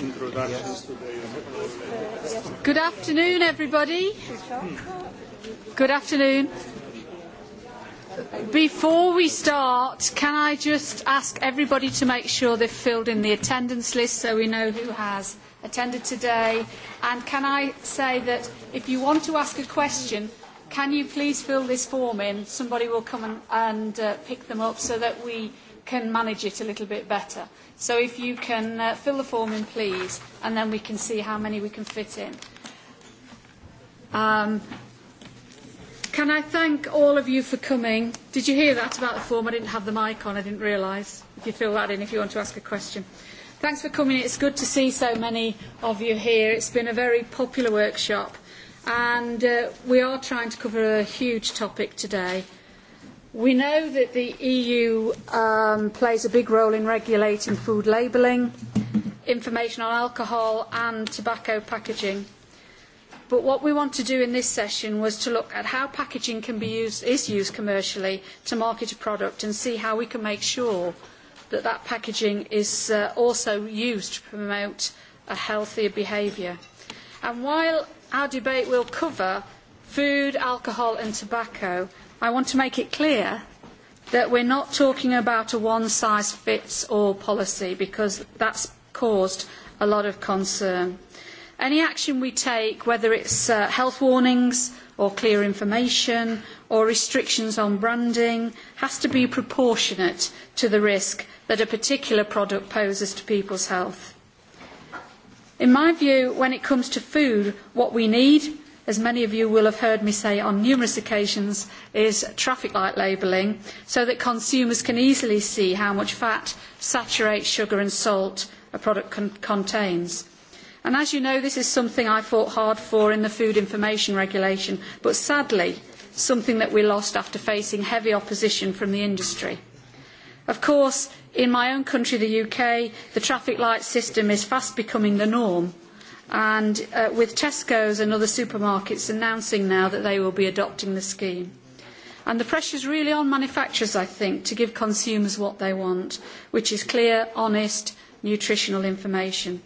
introductions today. Good afternoon, everybody. Good afternoon. Before we start, can I just ask everybody to make sure they've filled in the attendance list so we know who has attended today? And can I say that if you want to ask a question, can you please fill this form in? Somebody will come and, and uh, pick them up so that we can manage it a little bit better. So if you can uh, fill the form in, please, and then we can see how many we can fit in. Um, can I thank all of you for coming? Did you hear that about the form? I didn't have the mic on, I didn't realise. If you fill that in, if you want to ask a question. Thanks for coming. It's good to see so many of you here. It's been a very popular workshop, and uh, we are trying to cover a huge topic today We know that the EU plays a big role in regulating food labelling, information on alcohol and tobacco packaging. But what we want to do in this session was to look at how packaging can be used, is used commercially to market a product and see how we can make sure that that packaging is also used to promote a healthier behaviour. And while our debate will cover food, alcohol and tobacco, I want to make it clear that we are not talking about a one-size-fits-all policy because that has caused a lot of concern. Any action we take, whether it is health warnings or clear information or restrictions on branding, has to be proportionate to the risk that a particular product poses to people's health. In my view, when it comes to food, what we need as many of you will have heard me say on numerous occasions, is traffic light labelling so that consumers can easily see how much fat, saturate, sugar and salt a product contains. And as you know, this is something I fought hard for in the Food Information Regulation, but sadly, something that we lost after facing heavy opposition from the industry. Of course, in my own country, the UK, the traffic light system is fast becoming the norm – and with Tesco's and other supermarkets announcing now that they will be adopting the scheme. And the pressure is really on manufacturers, I think, to give consumers what they want, which is clear, honest, nutritional information.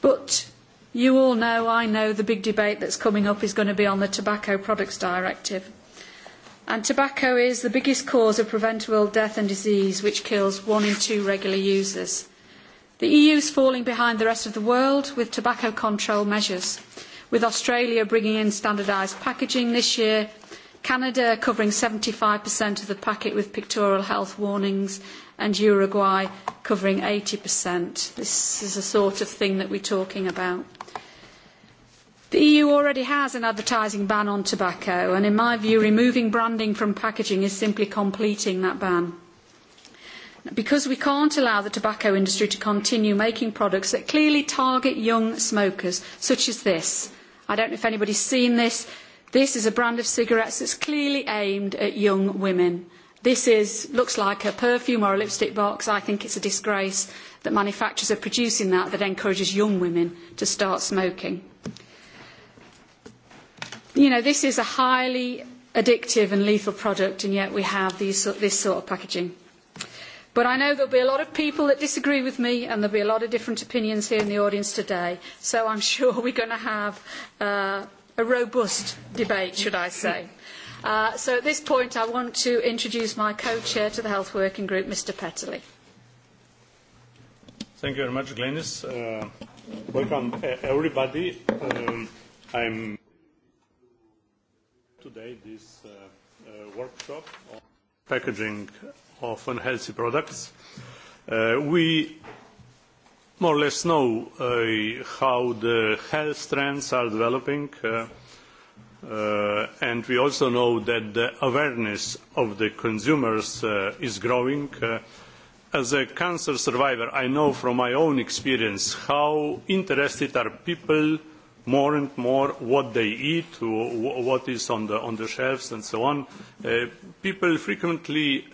But you all know, I know, the big debate that is coming up is going to be on the Tobacco Products Directive. And tobacco is the biggest cause of preventable death and disease, which kills one in two regular users. The EU is falling behind the rest of the world with tobacco control measures, with Australia bringing in standardised packaging this year, Canada covering 75% of the packet with pictorial health warnings, and Uruguay covering 80%. This is the sort of thing that we are talking about. The EU already has an advertising ban on tobacco, and in my view, removing branding from packaging is simply completing that ban because we can't allow the tobacco industry to continue making products that clearly target young smokers, such as this. I don't know if anybody's seen this. This is a brand of cigarettes that's clearly aimed at young women. This is, looks like a perfume or a lipstick box. I think it's a disgrace that manufacturers are producing that that encourages young women to start smoking. You know, this is a highly addictive and lethal product, and yet we have these, this sort of packaging. But I know there will be a lot of people that disagree with me, and there will be a lot of different opinions here in the audience today. So I am sure we are going to have a robust debate, should I say. so at this point, I want to introduce my co-chair to the Health Working Group, Mr. Petterly. Thank you very much, Glenis. welcome, everybody. I am today this workshop on packaging of unhealthy products. we more or less know how the health trends are developing and we also know that the awareness of the consumers is growing. as a cancer survivor, I know from my own experience how interested are people more and more what they eat, what is on the, on the shelves and so on. people frequently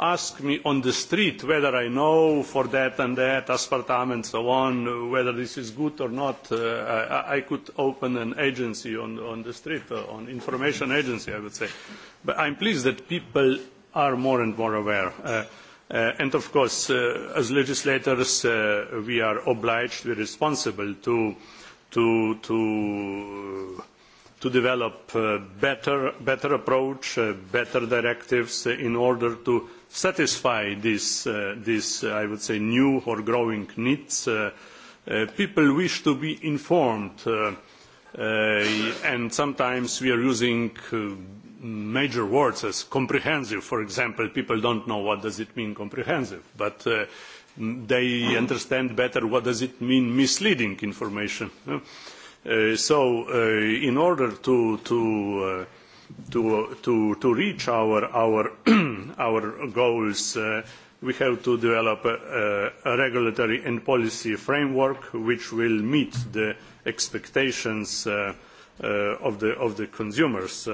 ask me on the street whether I know for that and that, aspartame and so on, whether this is good or not. I, could open an agency on, on the street, an information agency, I would say. But I'm pleased that people are more and more aware. and of course, as legislators, we are obliged, we are responsible to to develop a better approach, better directives in order to satisfy these, I would say, new or growing needs. People wish to be informed, and sometimes we are using major words as comprehensive. For example, people don't know what does it mean comprehensive, but they understand better what does it mean misleading information. so in order to to reach our goals we have to develop a regulatory and policy framework which will meet the expectations of the consumers.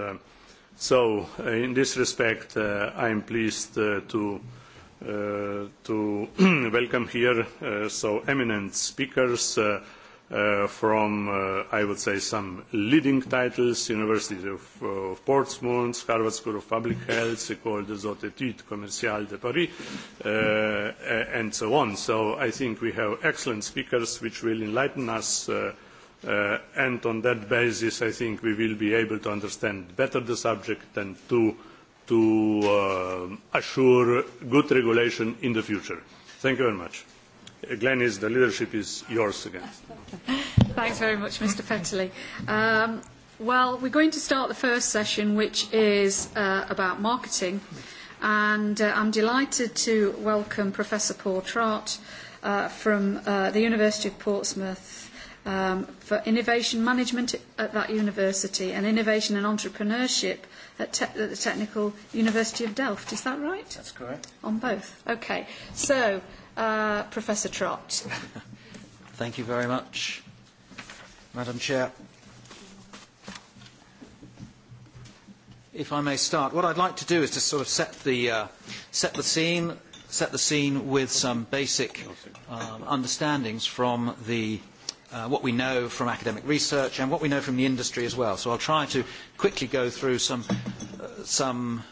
so in this respect i am pleased to to welcome here so eminent speakers from, I would say, some leading titles, University of, Portsmouth, Harvard School of Public Health, École des Hautes Études Commerciales de Paris, and so on. So I think we have excellent speakers which will enlighten us and on that basis I think we will be able to understand better the subject and to to assure good regulation in the future. Thank you very much. Glenys, the leadership is yours again. Thanks very much, Mr. Petterly. well, we're going to start the first session, which is about marketing. And uh, I'm delighted to welcome Professor Paul Trott from the University of Portsmouth um, for innovation management at that university and innovation and entrepreneurship at, te- at the Technical University of Delft. Is that right? That's correct. On both. Okay. So, uh, Professor Trott. Thank you very much, Madam Chair. If I may start, what I'd like to do is to sort of set the, uh, set the scene, set the scene with some basic um, understandings from the what we know from academic research and what we know from the industry as well. So I'll try to quickly go through some, some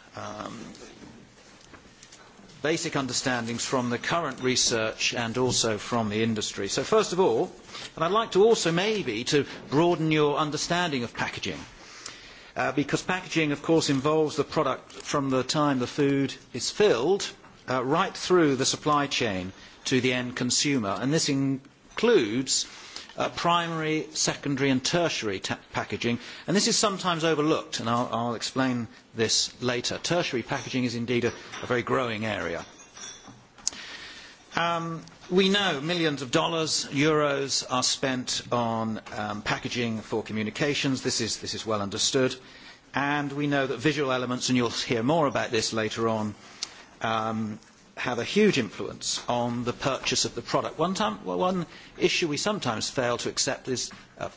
basic understandings from the current research and also from the industry. So first of all, and I'd like to also maybe to broaden your understanding of packaging. because packaging, of course, involves the product from the time the food is filled right through the supply chain to the end consumer. And this includes primary, secondary and tertiary packaging. And this is sometimes overlooked, and I'll, I'll explain this later. Tertiary packaging is indeed a, a very growing area. we know millions of dollars, euros, are spent on packaging for communications. This is, this is well understood. And we know that visual elements, and you'll hear more about this later on, um, have a huge influence on the purchase of the product. One, time, well, one issue we sometimes fail to accept is uh,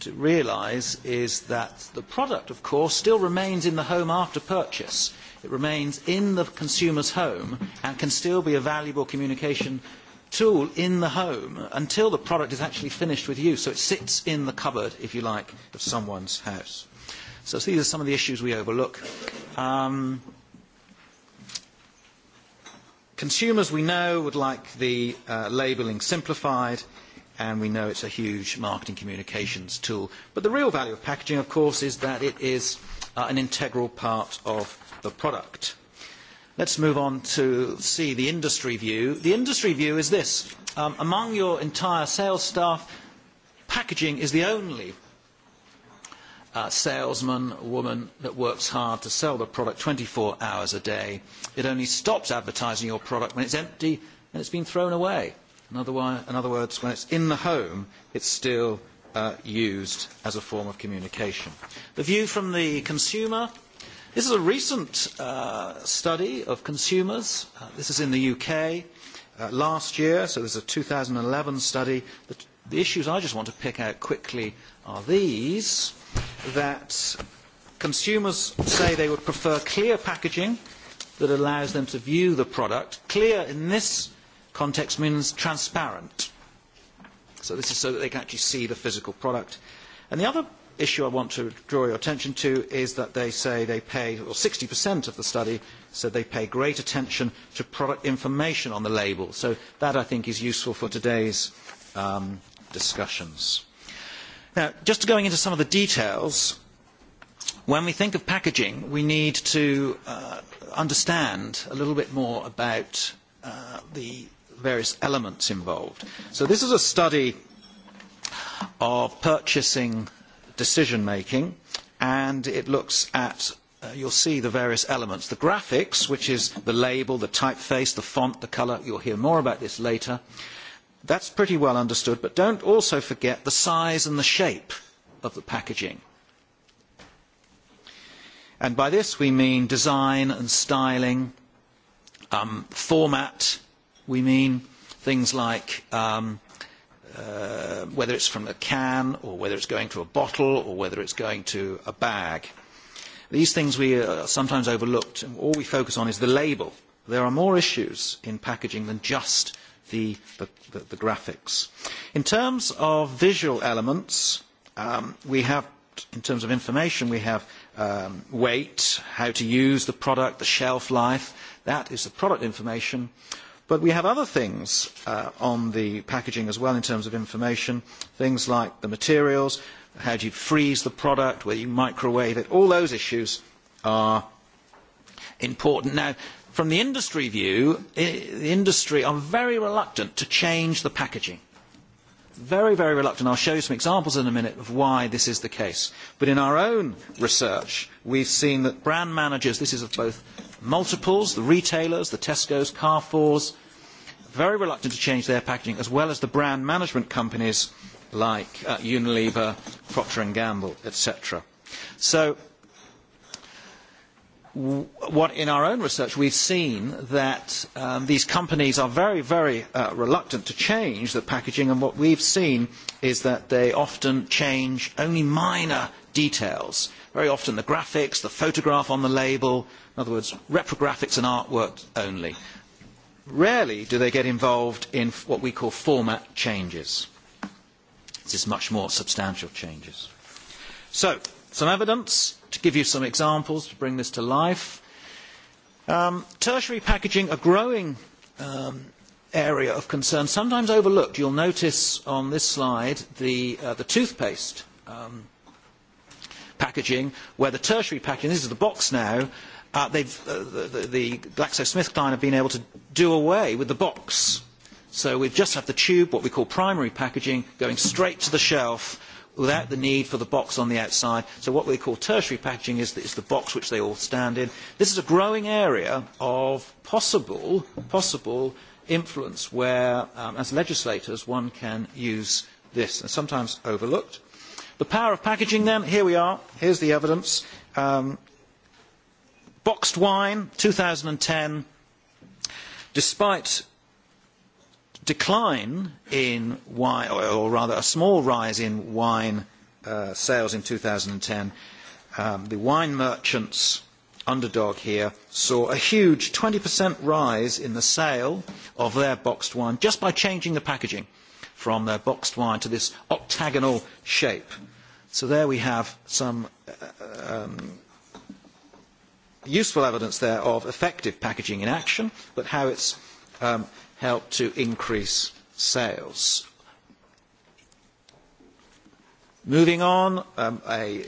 to realise is that the product, of course, still remains in the home after purchase. It remains in the consumer's home and can still be a valuable communication tool in the home until the product is actually finished with use. So it sits in the cupboard, if you like, of someone's house. So these are some of the issues we overlook. Um, Consumers, we know, would like the labelling simplified, and we know it's a huge marketing communications tool. But the real value of packaging, of course, is that it is an integral part of the product. Let's move on to see the industry view. The industry view is this. among your entire sales staff, packaging is the only salesman, woman that works hard to sell the product twenty four hours a day. It only stops advertising your product when it is empty and it has been thrown away. In other, words, when it is in the home, it is still used as a form of communication. The view from the consumer. This is a recent study of consumers. this is in the UK last year, so this is a 2011 study. The, the issues I just want to pick out quickly are these that consumers say they would prefer clear packaging that allows them to view the product. Clear in this context means transparent. So this is so that they can actually see the physical product. And the other issue I want to draw your attention to is that they say they pay, or 60% of the study said they pay great attention to product information on the label. So that I think is useful for today's discussions. Now, just going into some of the details, when we think of packaging, we need to understand a little bit more about the various elements involved. So this is a study of purchasing decision making, and it looks at you will see the various elements. The graphics, which is the label, the typeface, the font, the colour, you will hear more about this later. Uh, That is pretty well understood, but don't also forget the size and the shape of the packaging. And by this we mean design and styling, format, we mean things like whether it's from a can or whether it's going to a bottle or whether it's going to a bag. These things we are sometimes overlooked and all we focus on is the label. There are more issues in packaging than just the, graphics. In terms of visual elements, we have, in terms of information, we have weight, how to use the product, the shelf life. That is the product information. But we have other things on the packaging as well in terms of information, things like the materials, how do you freeze the product, whether you microwave it, all those issues are important. Now, From the industry view, the industry are very reluctant to change the packaging. Very, very reluctant. I'll show you some examples in a minute of why this is the case. But in our own research, we've seen that brand managers, this is of both multiples, the retailers, the Tesco's, Carrefour's, very reluctant to change their packaging, as well as the brand management companies like Unilever, Procter Gamble, etc. So what in our own research we have seen that these companies are very, very reluctant to change the packaging, and what we have seen is that they often change only minor details. Very often the graphics, the photograph on the label, in other words, reprographics and artwork only. Rarely do they get involved in what we call format changes. This is much more substantial changes. So, some evidence To give you some examples to bring this to life, tertiary packaging, a growing area of concern, sometimes overlooked. You will notice on this slide the, toothpaste packaging, where the tertiary packaging, this is the box now, uh, they've, uh, the, the GlaxoSmithKline have been able to do away with the box. So we just have the tube, what we call primary packaging, going straight to the shelf without the need for the box on the outside. So what we call tertiary packaging is the box which they all stand in. This is a growing area of possible, possible influence where, as legislators, one can use this, and sometimes overlooked. The power of packaging then, here we are, here is the evidence. boxed wine, ten, despite decline in wine, or rather a small rise in wine sales in 2010, um, the wine merchants underdog here saw a huge 20% rise in the sale of their boxed wine just by changing the packaging from their boxed wine to this octagonal shape. So there we have some useful evidence there of effective packaging in action, but how it's um, help to increase sales. Moving on, a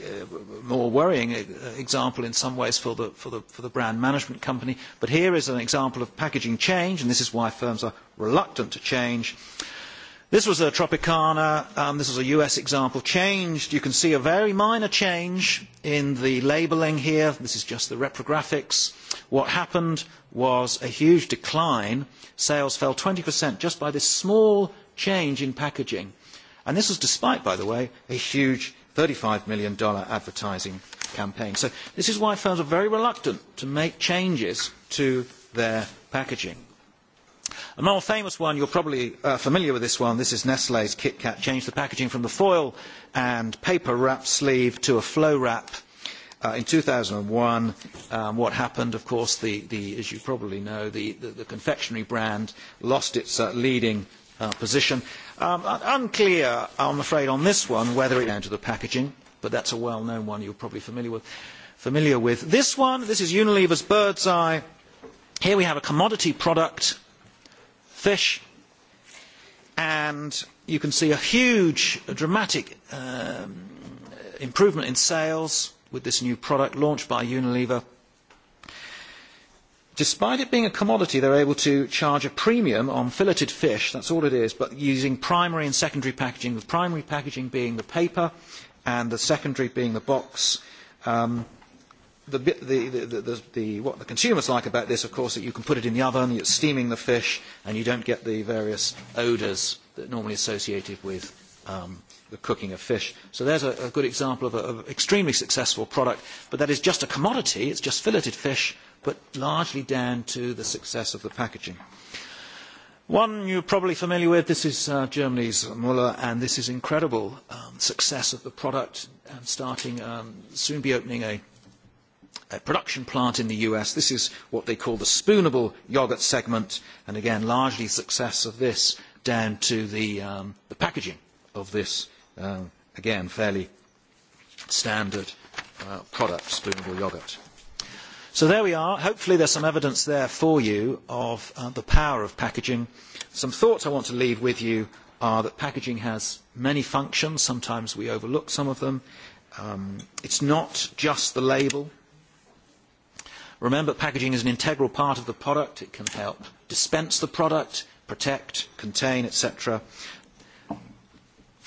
more worrying example in some ways for the brand management company, but here is an example of packaging change, and this is why firms are reluctant to change. This was a Tropicana. This was a U.S. example changed. You can see a very minor change in the labeling here. This is just the reprographics What happened was a huge decline. Sales fell 20% just by this small change in packaging. And this was despite, by the way, a huge $35 million advertising campaign. So this is why firms are very reluctant to make changes to their packaging. A more famous one, you're probably uh, familiar with this one. This is Nestle's Kit Kat. Changed the packaging from the foil and paper wrap sleeve to a flow wrap in two thousand one what happened, of course, the, as you probably know, the, the, the confectionery brand lost its leading position. unclear, I'm afraid, on this one whether it down to the packaging, but that's a well-known one you're probably familiar with. Familiar with this one. This is Unilever's Bird's Eye. Here we have a commodity product, fish, and you can see a huge, a dramatic improvement in sales with this new product launched by Unilever. Despite it being a commodity, they're able to charge a premium on filleted fish, that's all it is, but using primary and secondary packaging, the primary packaging being the paper and the secondary being the box. Um, the, the, the, the, the, what the consumers like about this, of course, that you can put it in the oven, you're steaming the fish, and you don't get the various odours that are normally associated with um, the cooking of fish. So there's a, a good example of an extremely successful product, but that is just a commodity, it's just filleted fish, but largely down to the success of the packaging. One you're probably familiar with, this is uh, Germany's Müller, and this is incredible um, success of the product, and starting, um, soon be opening a, a production plant in the US. This is what they call the spoonable yogurt segment, and again, largely success of this down to the, um, the packaging of this again, fairly standard product, spoonable yoghurt. So there we are. Hopefully there's some evidence there for you of the power of packaging. Some thoughts I want to leave with you are that packaging has many functions. Sometimes we overlook some of them. Um, it's not just the label. Remember, packaging is an integral part of the product. It can help dispense the product, protect, contain, etc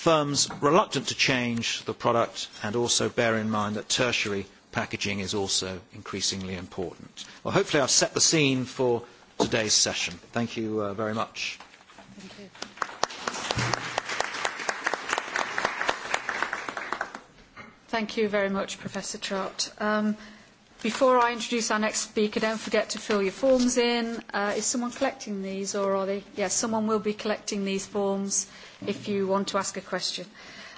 firms reluctant to change the product and also bear in mind that tertiary packaging is also increasingly important. Well, hopefully I've set the scene for today's session. Thank you uh, very much. Thank you very much, Professor Trott. Um, Before I introduce our next speaker, don't forget to fill your forms in. Uh, is someone collecting these or are they? Yes, someone will be collecting these forms if you want to ask a question.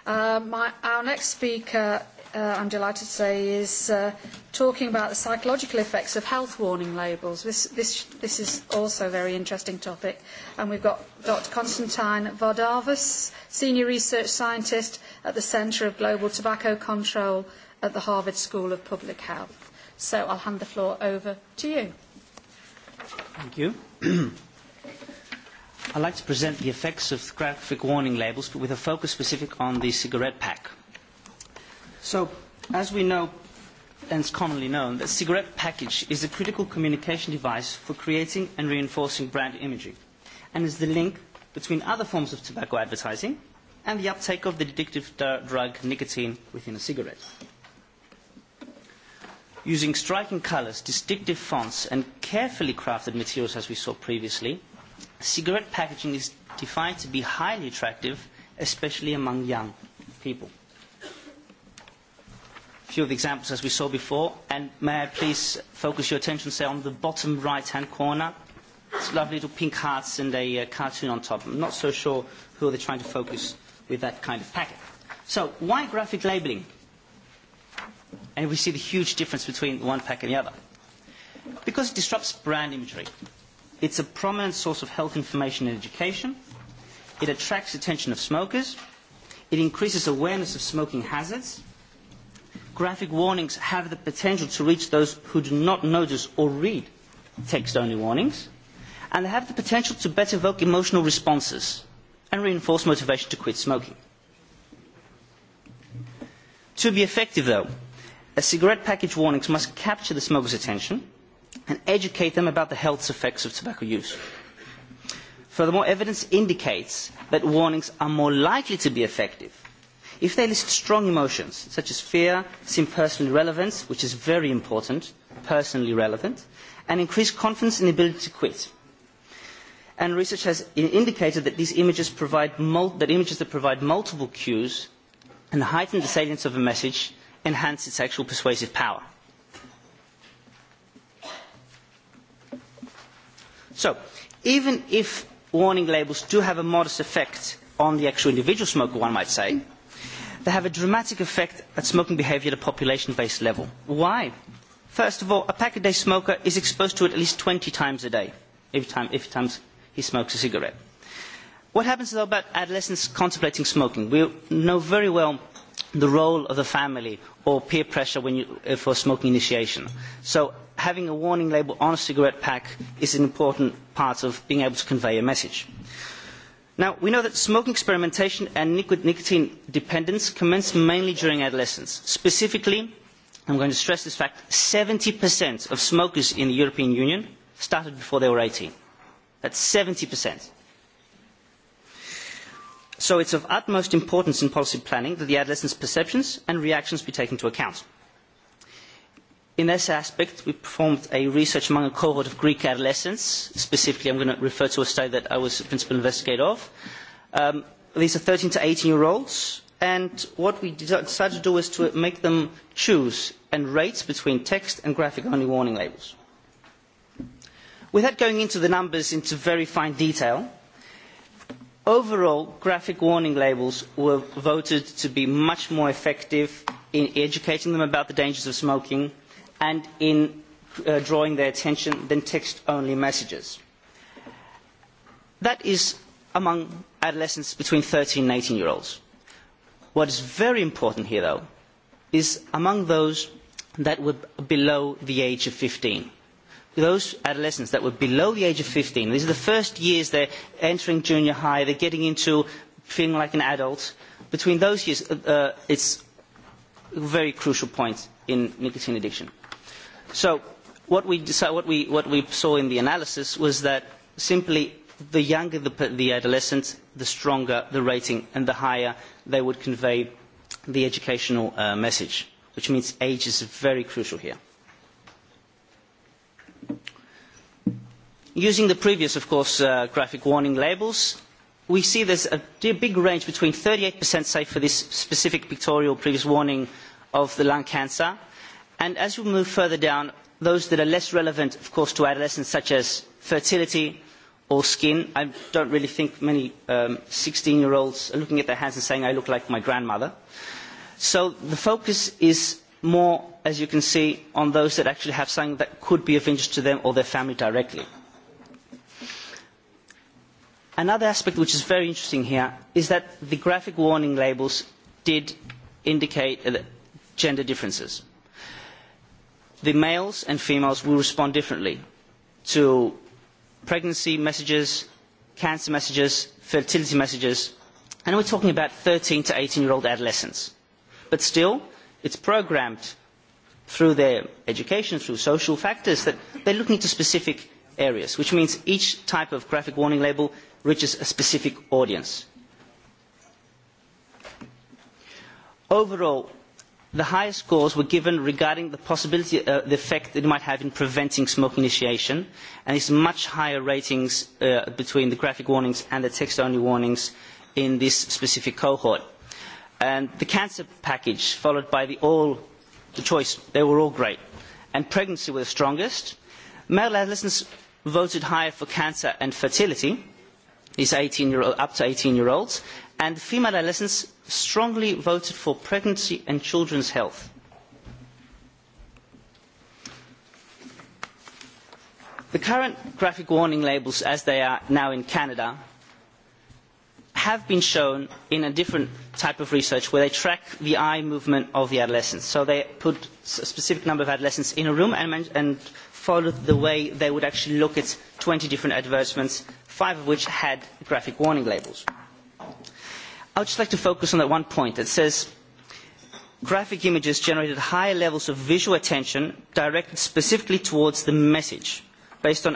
Uh, my, our next speaker, uh, I'm delighted to say, is uh, talking about the psychological effects of health warning labels. This, this, this is also a very interesting topic. And we've got Dr. Konstantin Vardavas, Senior Research Scientist at the Centre of Global Tobacco Control at the Harvard School of Public Health. So I'll hand the floor over to you. Thank you. I'd like to present the effects of graphic warning labels, but with a focus specific on the cigarette pack. So, as we know, and it's commonly known, the cigarette package is a critical communication device for creating and reinforcing brand imagery, and is the link between other forms of tobacco advertising and the uptake of the addictive drug nicotine within a cigarette using striking colours, distinctive fonts, and carefully crafted materials as we saw previously, cigarette packaging is defined to be highly attractive, especially among young people. A few of the examples as we saw before, and may I please focus your attention, say, on the bottom right-hand corner. It's lovely little pink hearts and a uh, cartoon on top. I'm not so sure who they're trying to focus with that kind of packet. So, why graphic labelling? and we see the huge difference between one pack and the other. Because it disrupts brand imagery, it's a prominent source of health information and education, it attracts attention of smokers, it increases awareness of smoking hazards, graphic warnings have the potential to reach those who do not notice or read text-only warnings, and they have the potential to better evoke emotional responses and reinforce motivation to quit smoking. To be effective, though, As cigarette package warnings must capture the smoker's attention and educate them about the health effects of tobacco use. Furthermore, evidence indicates that warnings are more likely to be effective if they list strong emotions such as fear, seem personally relevant, which is very important, personally relevant, and increase confidence in the ability to quit. And research has indicated that these images provide mul- that images that provide multiple cues and heighten the salience of a message enhance its actual persuasive power. So, even if warning labels do have a modest effect on the actual individual smoker, one might say, they have a dramatic effect at smoking behaviour at a population-based level. Why? First of all, a pack-a-day smoker is exposed to it at least 20 times a day, every time, every time he smokes a cigarette. What happens, though, about adolescents contemplating smoking? We know very well the role of the family or peer pressure when you, for smoking initiation. So having a warning label on a cigarette pack is an important part of being able to convey a message. Now, we know that smoking experimentation and nicotine dependence commence mainly during adolescence. Specifically, I am going to stress this fact, 70% of smokers in the European Union started before they were eighteen. That's 70%. So it is of utmost importance in policy planning that the adolescent's perceptions and reactions be taken into account. In this aspect, we performed a research among a cohort of Greek adolescents. Specifically, I am going to refer to a study that I was a principal investigator of. these are thirteen to eighteen year olds, and what we decided to do was to make them choose and rate between text and graphic-only warning labels. Without going into the numbers into very fine detail, overall graphic warning labels were voted to be much more effective in educating them about the dangers of smoking and in drawing their attention than text only messages. That is among adolescents between thirteen and eighteen year olds. What is very important here though is among those that were below the age of fifteen those adolescents that were below the age of fifteen these are the first years they are entering junior high they are getting into feeling like an adult between those years it is a very crucial point in nicotine addiction. so what we, saw in the analysis was that simply the younger the, adolescent the stronger the rating and the higher they would convey the educational message which means age is very crucial here Using the previous, of course, graphic warning labels, we see there's a big range between 38% say for this specific pictorial previous warning of the lung cancer, and as you move further down, those that are less relevant, of course, to adolescents, such as fertility or skin. I don't really think many sixteen year olds are looking at their hands and saying, I look like my grandmother. So the focus is more, as you can see, on those that actually have something that could be of interest to them or their family directly. Another aspect which is very interesting here is that the graphic warning labels did indicate gender differences. The males and females will respond differently to pregnancy messages, cancer messages, fertility messages, and we're talking about 13 to 18 year old adolescents. But still, it's programmed through their education, through social factors, that they're looking to specific areas, which means each type of graphic warning label reaches a specific audience. Overall, the highest scores were given regarding the possibility, uh, the effect it might have in preventing smoke initiation, and it's much higher ratings uh, between the graphic warnings and the text-only warnings in this specific cohort. And the cancer package, followed by the all, the choice, they were all great. And pregnancy were the strongest. Male adolescents voted higher for cancer and fertility is 18 year, up to 18 year olds, and female adolescents strongly voted for pregnancy and children's health. The current graphic warning labels, as they are now in Canada, have been shown in a different type of research where they track the eye movement of the adolescents. So they put a specific number of adolescents in a room and, and followed the way they would actually look at twenty different advertisements, five of which had graphic warning labels. I would just like to focus on that one point that says graphic images generated higher levels of visual attention directed specifically towards the message based on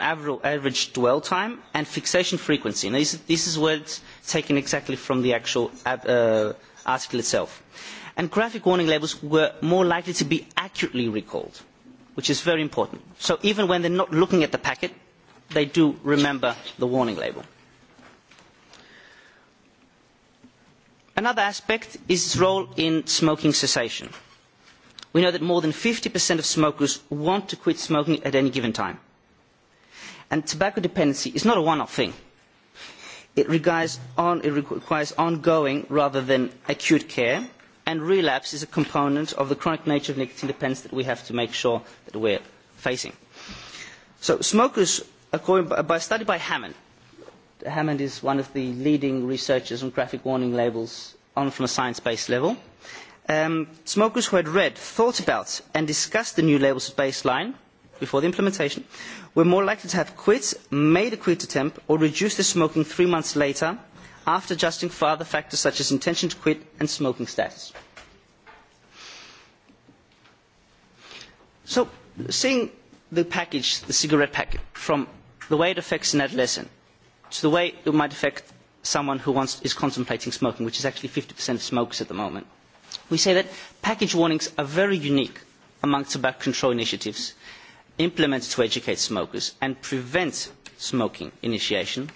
average dwell time and fixation frequency. Now, this, is where it's taken exactly from the actual uh, article itself. And graphic warning labels were more likely to be accurately recalled which is very important. So even when they're not looking at the packet, they do remember the warning label. Another aspect is its role in smoking cessation. We know that more than 50% of smokers want to quit smoking at any given time. And tobacco dependency is not a one-off thing. It requires, ongoing rather than acute care, and relapse is a component of the chronic nature of nicotine dependence that we have to make sure that we are facing. So smokers, according by a study by Hammond, Hammond is one of the leading researchers on graphic warning labels on from a science-based level. smokers who had read, thought about and discussed the new labels at baseline before the implementation were more likely to have quit, made a quit attempt or reduced their smoking three months later after adjusting for other factors such as intention to quit and smoking status. So, seeing the package, the cigarette package, from the way it affects an adolescent to the way it might affect someone who wants, is contemplating smoking, which is actually 50% of smokers at the moment, we say that package warnings are very unique among tobacco control initiatives implemented to educate smokers and prevent smoking initiation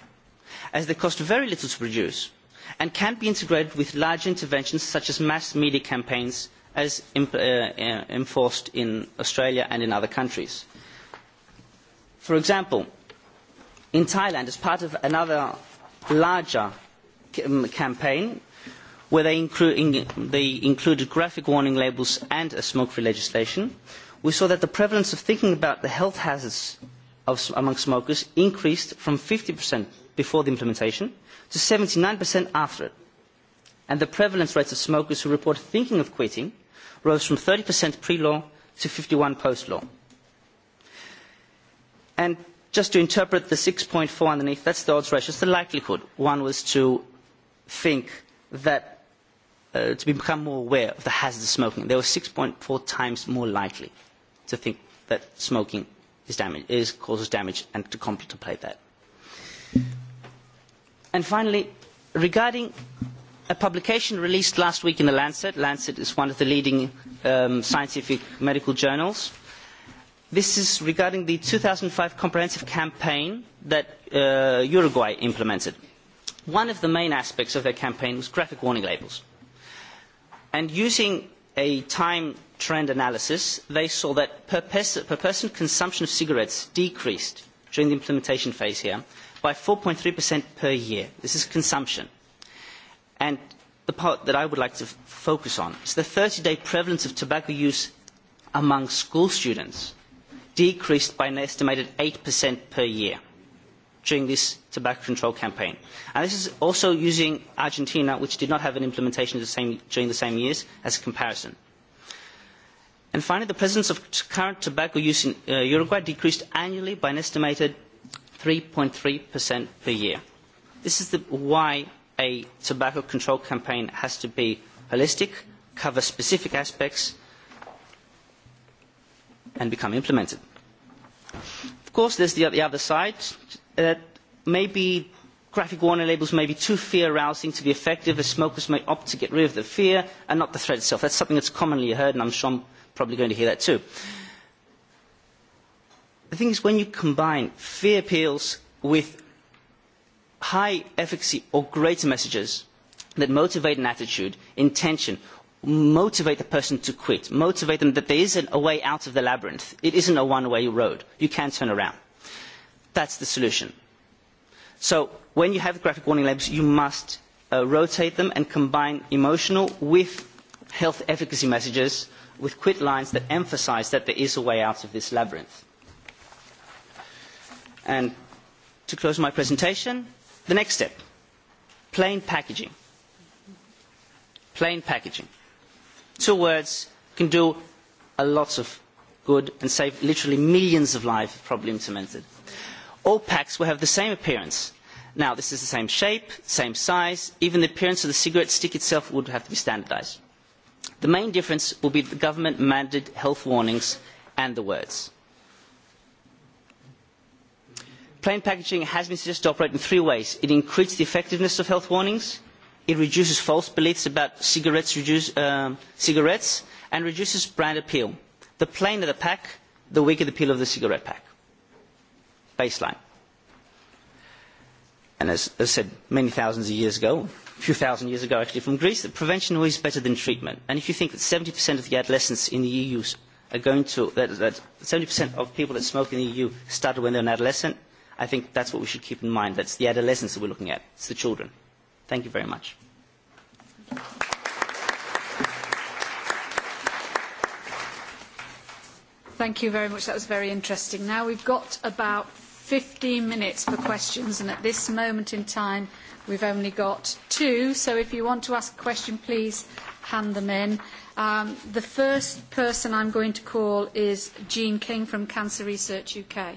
as they cost very little to produce and can be integrated with large interventions such as mass media campaigns as enforced in Australia and in other countries. For example, in Thailand, as part of another larger campaign, where they, included graphic warning labels and a smoke-free legislation, we saw that the prevalence of thinking about the health hazards among smokers increased from 50% before the implementation to 79% after it. And the prevalence rates of smokers who reported thinking of quitting rose from 30% pre-law to 51 post-law. And just to interpret the 6.4 underneath, that's the odds ratio, it's the likelihood one was to think that uh, to become more aware of the hazards of smoking. They were 6.4 times more likely to think that smoking is damage, is, causes damage and to contemplate that finally regarding a publication released last week in the lancet lancet is one of the leading scientific medical journals this is regarding the two thousand and five comprehensive campaign that uruguay implemented. one of the main aspects of their campaign was graphic warning labels and using a time trend analysis they saw that per person consumption of cigarettes decreased during the implementation phase here by 4.3% per year. This is consumption. And the part that I would like to focus on is the 30-day prevalence of tobacco use among school students decreased by an estimated 8% per year during this tobacco control campaign. And this is also using Argentina, which did not have an implementation the same, during the same years, as a comparison. And finally, the presence of current tobacco use in Uruguay decreased annually by an estimated 3.3% per year. This is why a tobacco control campaign has to be holistic, cover specific aspects, and become implemented. Of course, there's the, the other side. That maybe graphic warning labels may be too fear-rousing to be effective, as smokers may opt to get rid of the fear and not the threat itself. That's something that's commonly heard, and I'm sure I'm probably going to hear that too the thing is when you combine fear appeals with high efficacy or greater messages that motivate an attitude, intention, motivate the person to quit, motivate them that there is a way out of the labyrinth. It isn't a one-way road. You can turn around. That's the solution. So when you have graphic warning labels, you must uh, rotate them and combine emotional with health efficacy messages with quit lines that emphasize that there is a way out of this labyrinth And to close my presentation, the next step, plain packaging. Plain packaging. Two words can do a lot of good and save literally millions of lives if properly implemented. All packs will have the same appearance. Now, this is the same shape, same size, even the appearance of the cigarette stick itself would have to be standardised. The main difference will be the government mandated health warnings and the words Plain packaging has been suggested to operate in three ways. It increases the effectiveness of health warnings, it reduces false beliefs about cigarettes, and reduces brand appeal. The plainer the pack, the weaker the appeal of the cigarette pack. Baseline. And as I said many thousands of years ago, a few thousand years ago actually, from Greece, that prevention is always better than treatment. And if you think that 70% of the adolescents in the EU are going to, that, that 70% of people that smoke in the EU started when they're an adolescent, I think that's what we should keep in mind. That's the adolescents that we're looking at. It's the children. Thank you very much. Thank you very much. That was very interesting. Now we've got about 15 minutes for questions, and at this moment in time, we've only got two. So if you want to ask a question, please hand them in. Um, the first person I'm going to call is Jean King from Cancer Research UK.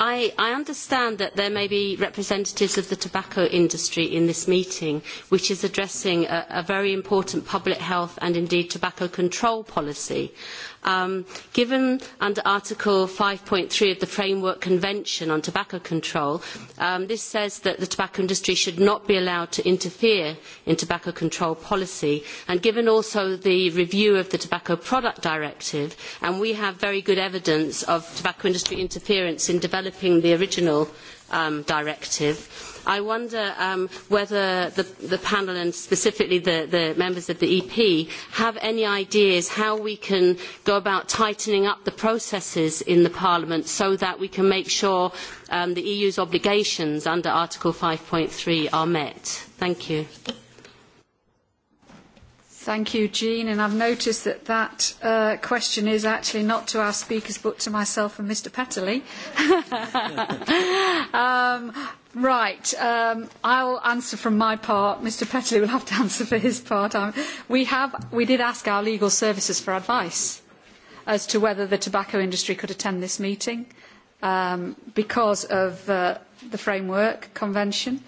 I, understand that there may be representatives of the tobacco industry in this meeting, which is addressing a, very important public health and indeed tobacco control policy. given under Article five three of the Framework Convention on Tobacco Control, this says that the tobacco industry should not be allowed to interfere in tobacco control policy. And given also the review of the Tobacco Product Directive, and we have very good evidence of tobacco industry interference interference in developing the original directive. I wonder whether the, panel and specifically the, members of the EP have any ideas how we can go about tightening up the processes in Parliament so that we can make sure the EU's obligations under Article five three are met. Thank you. Thank you, Jean. And I've noticed that that uh, question is actually not to our speakers, but to myself and Mr. Petterly. um, Right. Um, I'll answer from my part. Mr. Petterly will have to answer for his part. Um, we, have, we did ask our legal services for advice as to whether the tobacco industry could attend this meeting um, because of uh, the framework convention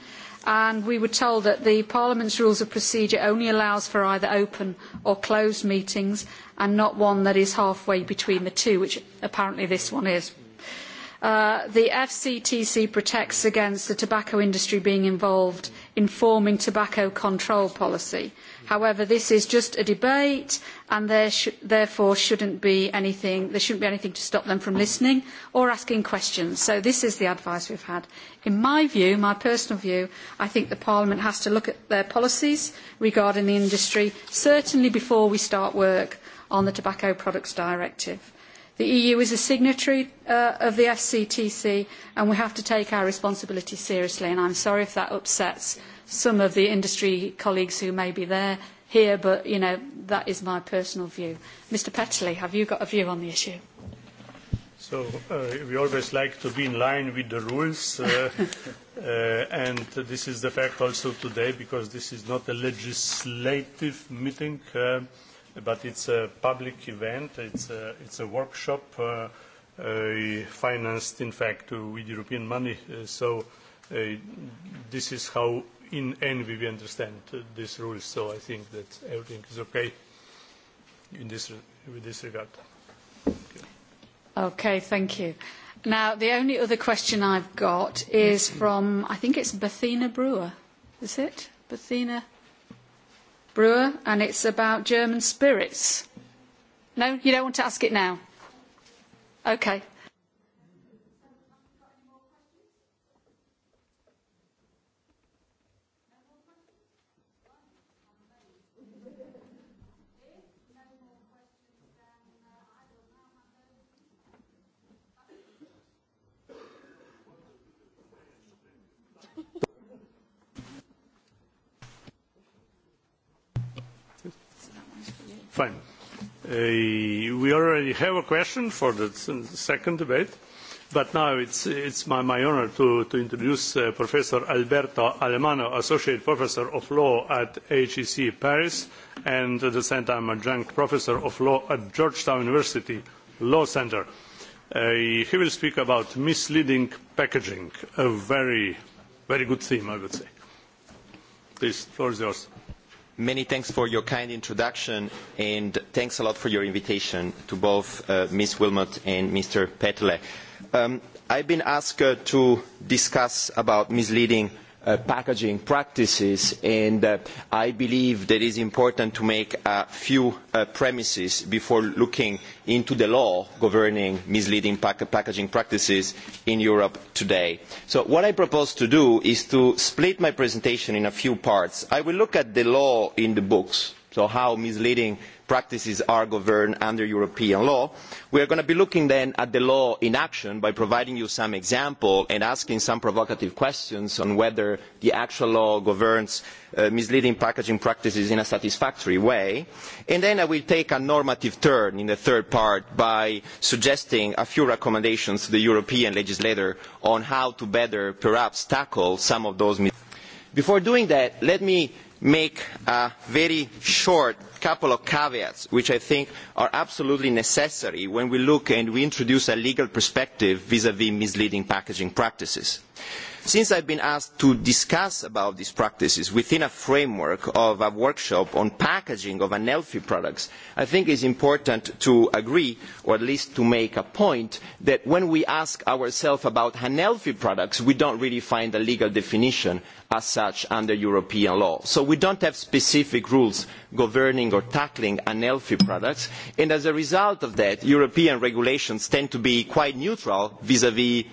and we were told that the Parliament's rules of procedure only allows for either open or closed meetings and not one that is halfway between the two, which apparently this one is. the FCTC protects against the tobacco industry being involved informing tobacco control policy. However, this is just a debate and there sh therefore shouldn't be anything, there shouldn't be anything to stop them from listening or asking questions. So this is the advice we've had. In my view, my personal view, I think the Parliament has to look at their policies regarding the industry, certainly before we start work on the Tobacco Products Directive The EU is a signatory of the FCTC and we have to take our responsibility seriously and I am sorry if that upsets some of the industry colleagues who may be there here but you know that is my personal view. Mr Petley, have you got a view on the issue? So we always like to be in line with the rules and this is the fact also today because this is not a legislative meeting. Uh, but it's a public event. It's a, it's a workshop uh, uh, financed, in fact, with European money. Uh, so uh, this is how in envy we understand uh, these rules. So I think that everything is okay in this, with this regard. Okay, thank you. Now, the only other question I've got is from, I think it's Bethina Brewer. Is it? Bethina? Brewer, and it's about German spirits. No, you don't want to ask it now? Okay. Fine. We already have a question for the second debate, but now it's it's my my honor to to introduce Professor Alberto Alemano, Associate Professor of Law at HEC Paris, and at the same time Adjunct Professor of Law at Georgetown University Law Center. He will speak about misleading packaging, a very, very good theme, I would say. Please, the floor is yours. Many thanks for your kind introduction and thanks a lot for your invitation to both Ms. Wilmot and Mr. Petele. I have been asked to discuss about misleading packaging practices and I believe it is important to make a few premises before looking into the law governing misleading packaging practices in Europe today. So what I propose to do is to split my presentation in a few parts. I will look at the law in the books so how misleading practices are governed under european law. we are going to be looking then at the law in action by providing you some examples and asking some provocative questions on whether the actual law governs misleading packaging practices in a satisfactory way and then i will take a normative turn in the third part by suggesting a few recommendations to the european legislator on how to better perhaps tackle some of those before doing that let me make a very short couple of caveats which I think are absolutely necessary when we look and we introduce a legal perspective vis-à-vis misleading packaging practices. Since I have been asked to discuss these practices within a framework of a workshop on packaging of unhealthy products, I think it is important to agree, or at least to make a point, that when we ask ourselves about unhealthy products, we do not really find a legal definition as such under European law. So we do not have specific rules governing banning or tackling unhealthy products and as a result of that european regulations tend to be quite neutral vis vis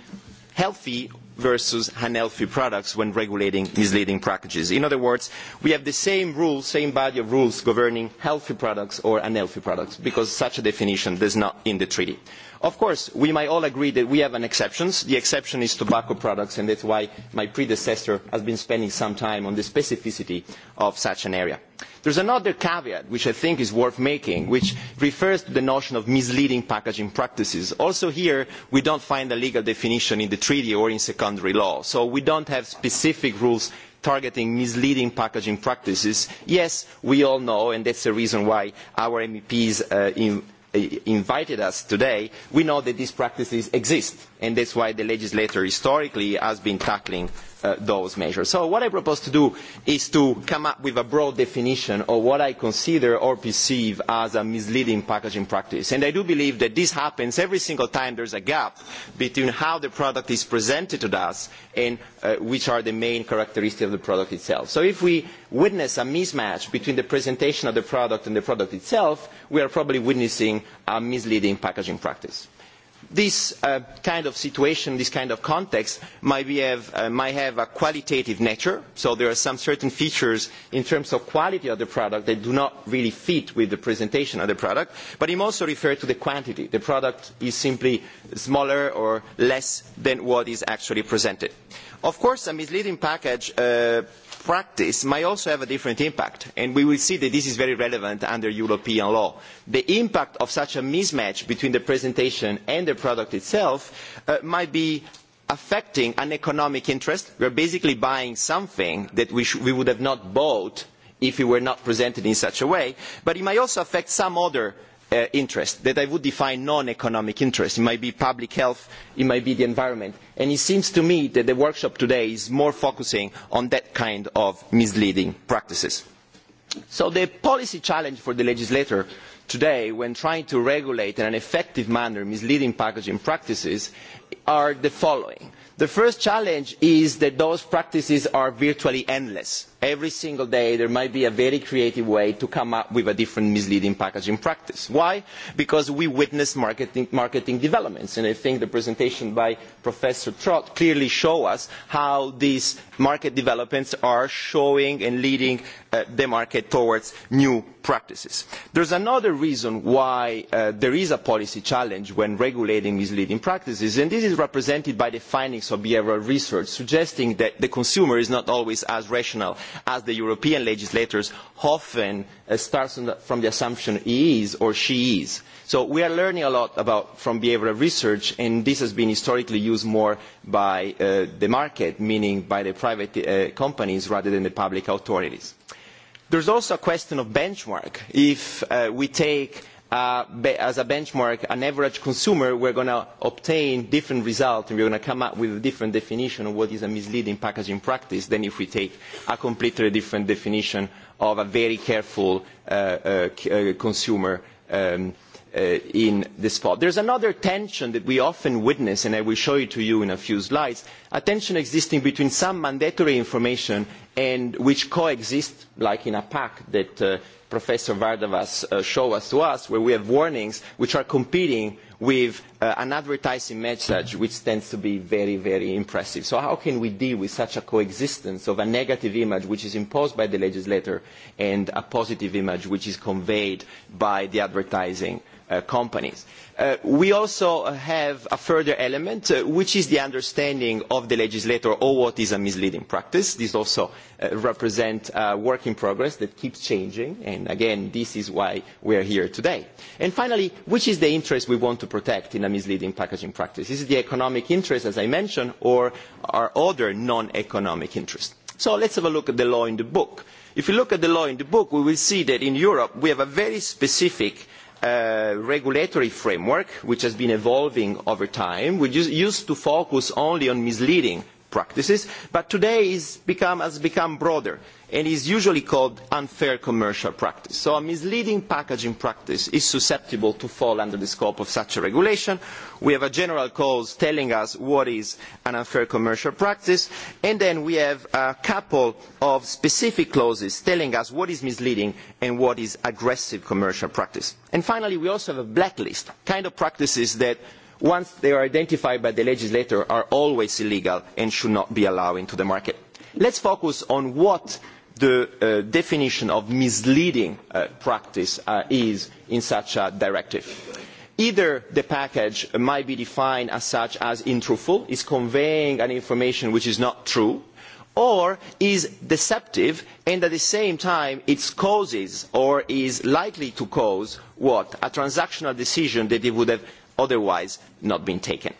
healthy versus unhealthy products when regulating misleading packages. in other words we have the same rules same body of rules governing healthy products or unhealthy products because such a definition is not in the treaty. Of course, we might all agree that we have an exception. The exception is tobacco products, and that is why my predecessor has been spending some time on the specificity of such an area. There is another caveat, which I think is worth making, which refers to the notion of misleading packaging practices. Also here, we do not find a legal definition in the treaty or in secondary law, so we do not have specific rules targeting misleading packaging practices. Yes, we all know, and that is the reason why our MEPs invited us today, we know that these practices exist and that is why the legislator historically has been tackling those measures. So what I propose to do is to come up with a broad definition of what I consider or perceive as a misleading packaging practice. And I do believe that this happens every single time there is a gap between how the product is presented to us and which are the main characteristics of the product itself. So if we witness a mismatch between the presentation of the product and the product itself, we are probably witnessing a misleading packaging practice this kind of situation, this kind of context, might, have, a qualitative nature. So there are some certain features in terms of quality of the product that do not really fit with the presentation of the product. But it also refers to the quantity. The product is simply smaller or less than what is actually presented. Of course, a misleading package practice may also have a different impact, and we will see that this is very relevant under European law. The impact of such a mismatch between the presentation and the product itself might be affecting an economic interest. We are basically buying something that we, we would have not bought if it were not presented in such a way, but it might also affect some other interest that i would define non economic interest it might be public health it might be the environment and it seems to me that the workshop today is more focusing on that kind of misleading practices so the policy challenge for the legislator today when trying to regulate in an effective manner misleading packaging practices are the following the first challenge is that those practices are virtually endless every single day there might be a very creative way to come up with a different misleading packaging practice. Why? Because we witness marketing, developments, and I think the presentation by Professor Trott clearly shows us how these market developments are showing and leading the market towards new practices. There is another reason why there is a policy challenge when regulating misleading practices, and this is represented by the findings of behavioural research, suggesting that the consumer is not always as rational as the European legislators often starts from the assumption he is or she is. So we are learning a lot about, from behavioural research, and this has been historically used more by the market, meaning by the private companies rather than the public authorities. There is also a question of benchmark. If we take as a benchmark an average consumer, we are going to obtain different results and we are going to come up with a different definition of what is a misleading packaging practice than if we take a completely different definition of a very careful consumer in the spot. There is another tension that we often witness, and I will show it to you in a few slides, a tension existing between some mandatory information and which coexist, like in a pack that Professor Vardavas showed us to us, where we have warnings which are competing with an advertising message which tends to be very, very impressive. So how can we deal with such a coexistence of a negative image which is imposed by the legislator and a positive image which is conveyed by the advertising companies? we also have a further element, which is the understanding of the legislator of what is a misleading practice. This also represents a work in progress that keeps changing, and again, this is why we are here today. And finally, which is the interest we want to protect in a misleading packaging practice? Is it the economic interest, as I mentioned, or are other non-economic interests? So let's have a look at the law in the book. If you look at the law in the book, we will see that in Europe we have a very specific regulatory framework, which has been evolving over time, which used to focus only on misleading practices, but today has become broader and is usually called unfair commercial practice. So a misleading packaging practice is susceptible to fall under the scope of such a regulation. We have a general clause telling us what is an unfair commercial practice, and then we have a couple of specific clauses telling us what is misleading and what is aggressive commercial practice. And finally, we also have a blacklist, kind of practices that once they are identified by the legislator are always illegal and should not be allowed into the market. Let us focus on what the definition of misleading practice is in such a directive. Either the package might be defined as such as untruthful, is conveying an information which is not true, or is deceptive and at the same time it causes or is likely to cause what? A transactional decision that would have otherwise not been taken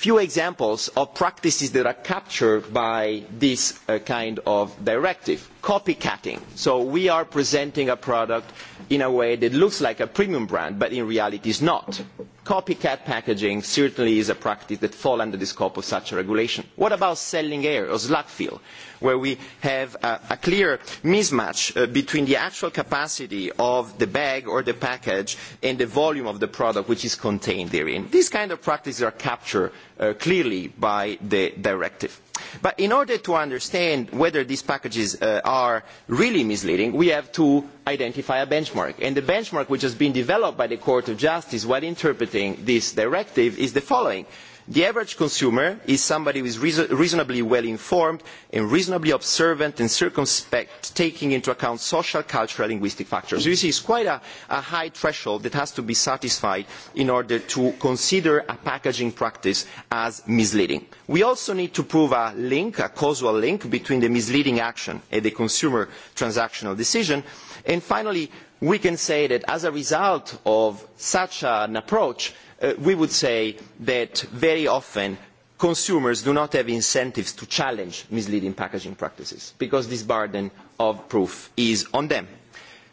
few examples of practices that are captured by this kind of directive. Copycatting. So we are presenting a product in a way that looks like a premium brand, but in reality is not. Copycat packaging certainly is a practice that falls under the scope of such a regulation. What about selling air or slug fill, where we have a, clear mismatch between the actual capacity of the bag or the package and the volume of the product which is contained therein? These kind of practices are captured clearly by the directive. But in order to understand whether these packages are really misleading, we have to identify a benchmark. And the benchmark which has been developed by the Court of Justice while interpreting this directive is the following The average consumer is somebody who is reasonably well informed and reasonably observant and circumspect, taking into account social, cultural, linguistic factors. So you see, it's quite a, a high threshold that has to be satisfied in order to consider a packaging practice as misleading. We also need to prove a link, a causal link, between the misleading action and the consumer transactional decision. And finally, we can say that as a result of such an approach, we would say that very often consumers do not have incentives to challenge misleading packaging practices because this burden of proof is on them.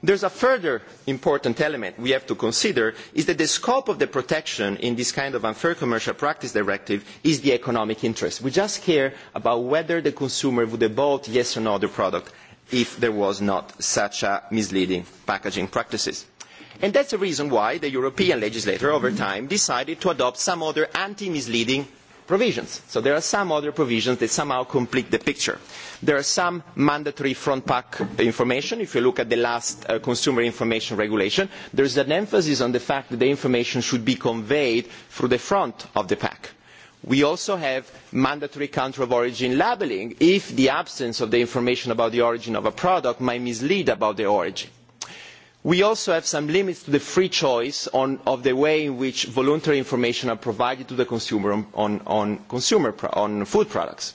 There is a further important element we have to consider is that the scope of the protection in this kind of unfair commercial practice directive is the economic interest. We just care about whether the consumer would have bought yes or no the product if there was not such a misleading packaging practices. And that's the reason why the European legislator over time decided to adopt some other anti-misleading provisions. So there are some other provisions that somehow complete the picture. There are some mandatory front pack information. If you look at the last consumer information regulation, there is an emphasis on the fact that the information should be conveyed through the front of the pack. We also have mandatory country of origin labelling if the absence of the information about the origin of a product might mislead about the origin we also have some limits to the free choice of the way in which voluntary information is provided to the consumer on food products.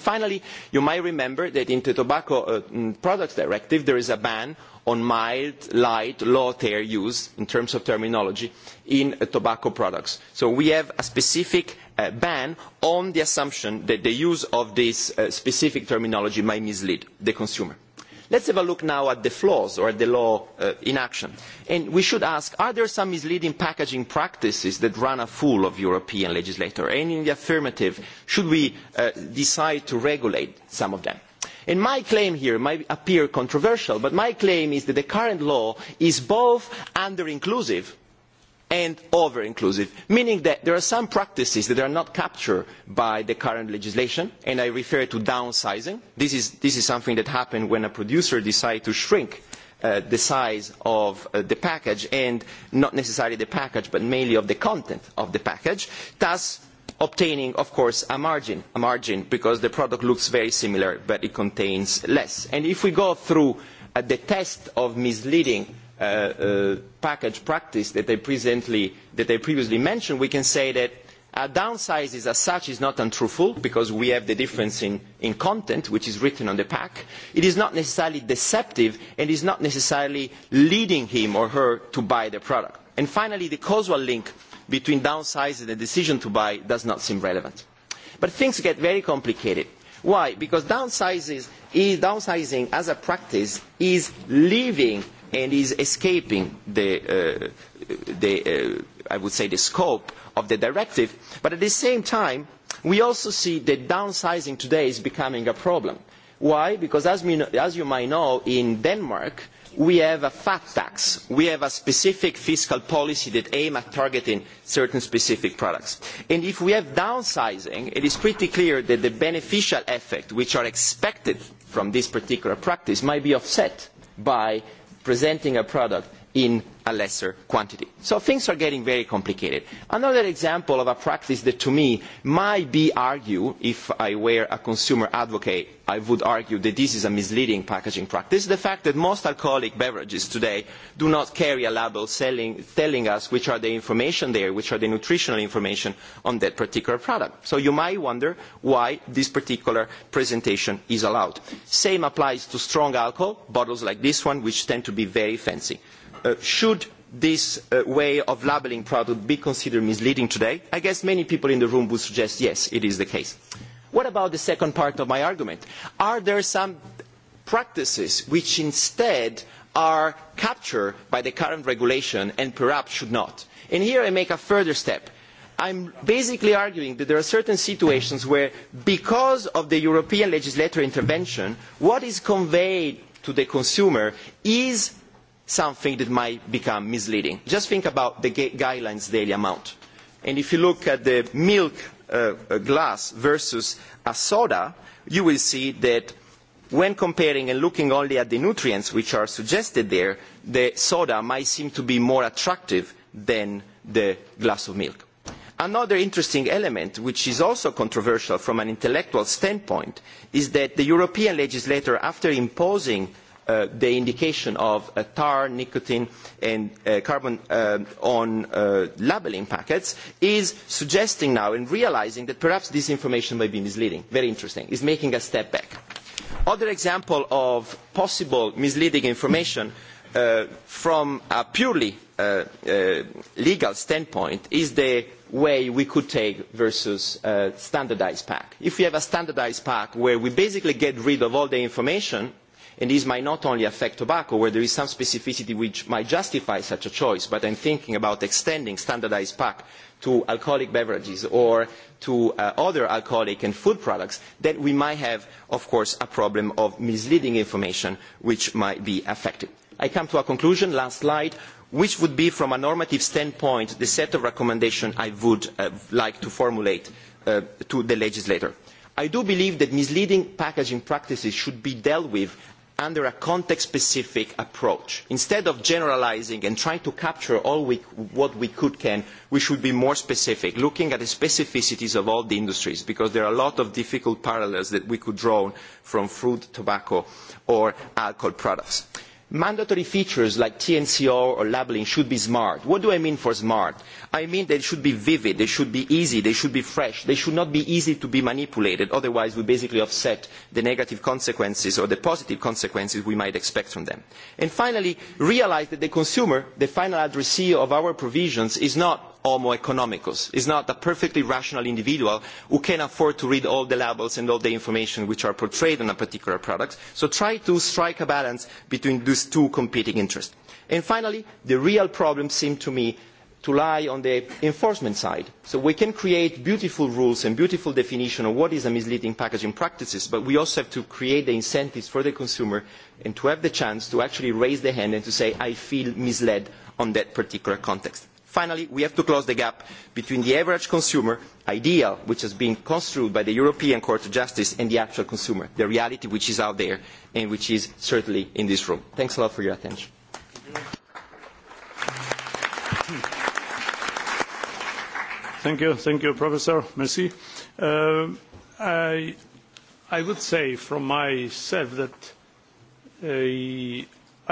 finally you might remember that in the tobacco products directive there is a ban on mild light low tear use in terms of terminology in tobacco products so we have a specific ban on the assumption that the use of this specific terminology might mislead the consumer. Let us have a look now at the flaws or at the law in action. And we should ask, are there some misleading packaging practices that run afoul of European legislators? And in the affirmative, should we decide to regulate some of them? my claim here might appear controversial, but my claim is that the current law is both under-inclusive and over inclusive, meaning that there are some practices that are not captured by the current legislation, and I refer to downsizing. This is, something that happens when a producer decides to shrink the size of the package, and not necessarily the package, but mainly of the content of the package, thus obtaining, of course, a margin, a margin because the product looks very similar, but it contains less. And if we go through the test of misleading package practice that I previously mentioned, we can say that our downsize as such is not untruthful because we have the difference in content which is written on the pack. It is not necessarily deceptive and is not necessarily leading him or her to buy the product. And finally, the causal link between downsizing and the decision to buy does not seem relevant. But things get very complicated. Why? Because downsizing as a practice is leaving and is escaping the, I would say, the scope of the directive. But at the same time, we also see that downsizing today is becoming a problem. Why? Because as you might know, in Denmark, we have a fat tax. We have a specific fiscal policy that aims at targeting certain specific products. And if we have downsizing, it is pretty clear that the beneficial effect which are expected from this particular practice might be offset by presenting a product in a lesser quantity. So things are getting very complicated. Another example of a practice that to me might be argued, if I were a consumer advocate, I would argue that this is a misleading packaging practice, is the fact that most alcoholic beverages today do not carry a label telling us which are the information there, which are the nutritional information on that particular product. So you might wonder why this particular presentation is allowed. Same applies to strong alcohol, bottles like this one, which tend to be very fancy should this way of labelling products be considered misleading today? I guess many people in the room would suggest yes, it is the case. What about the second part of my argument? Are there some practices which instead are captured by the current regulation and perhaps should not? And here I make a further step. I am basically arguing that there are certain situations where, because of the European legislator intervention, what is conveyed to the consumer is something that might become misleading. Just think about the guidelines daily amount. And if you look at the milk glass versus a soda, you will see that when comparing and looking only at the nutrients which are suggested there, the soda might seem to be more attractive than the glass of milk. Another interesting element, which is also controversial from an intellectual standpoint, is that the European legislator, after imposing the indication of tar, nicotine, and carbon on labelling packets is suggesting now and realising that perhaps this information may be misleading. Very interesting. It's making a step back. Other example of possible misleading information from a purely legal standpoint is the way we could take versus a standardised pack. If we have a standardised pack where we basically get rid of all the information And might not only affect tobacco, where there is some specificity which might justify such a choice, but I am thinking about extending standardised pack to alcoholic beverages or to other alcoholic and food products, then we might have, of course, a problem of misleading information which might be affected. I come to a conclusion, last slide, which would be, from a normative standpoint, the set of recommendations I would like to formulate to the legislator. I do believe that misleading packaging practices should be dealt with under a context specific approach. Instead of generalising and trying to capture all we, what we could can, we should be more specific, looking at the specificities of all the industries, because there are a lot of difficult parallels that we could draw from fruit, tobacco, or alcohol products mandatory features like TNCR or labelling should be smart. What do I mean for smart? I mean they should be vivid, they should be easy, they should be fresh, they should not be easy to be manipulated, otherwise we basically offset the negative consequences or the positive consequences we might expect from them. And finally, realise that the consumer, the final addressee of our provisions, is not homo economicus, is not a perfectly rational individual who can afford to read all the labels and all the information which are portrayed on a particular product. So try to strike a balance between these two competing interests. And finally, the real problem seemed to me to lie on the enforcement side. So we can create beautiful rules and beautiful definition of what is a misleading packaging practices, but we also have to create the incentives for the consumer and to have the chance to actually raise the hand and to say, I feel misled on that particular context Finally, we have to close the gap between the average consumer ideal, which has been construed by the European Court of Justice, and the actual consumer, the reality which is out there and which is certainly in this room. Thanks a lot for your attention. Thank you, thank you, Professor. Merci. I, I would say from myself that I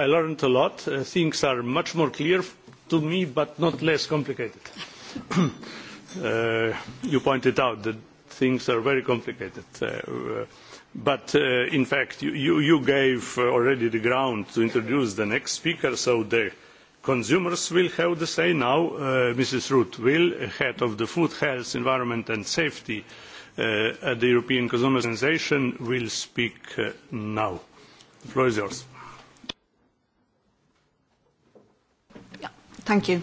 learned a lot. things are much more clear to me but not less complicated. you pointed out that things are very complicated. but in fact, you, gave already the ground to introduce the next speaker, so the consumers will have the say now. Mrs. Ruth Will, head of the Food, Health, Environment and Safety at the European Consumer Organization, will speak now. The floor is yours Thank you.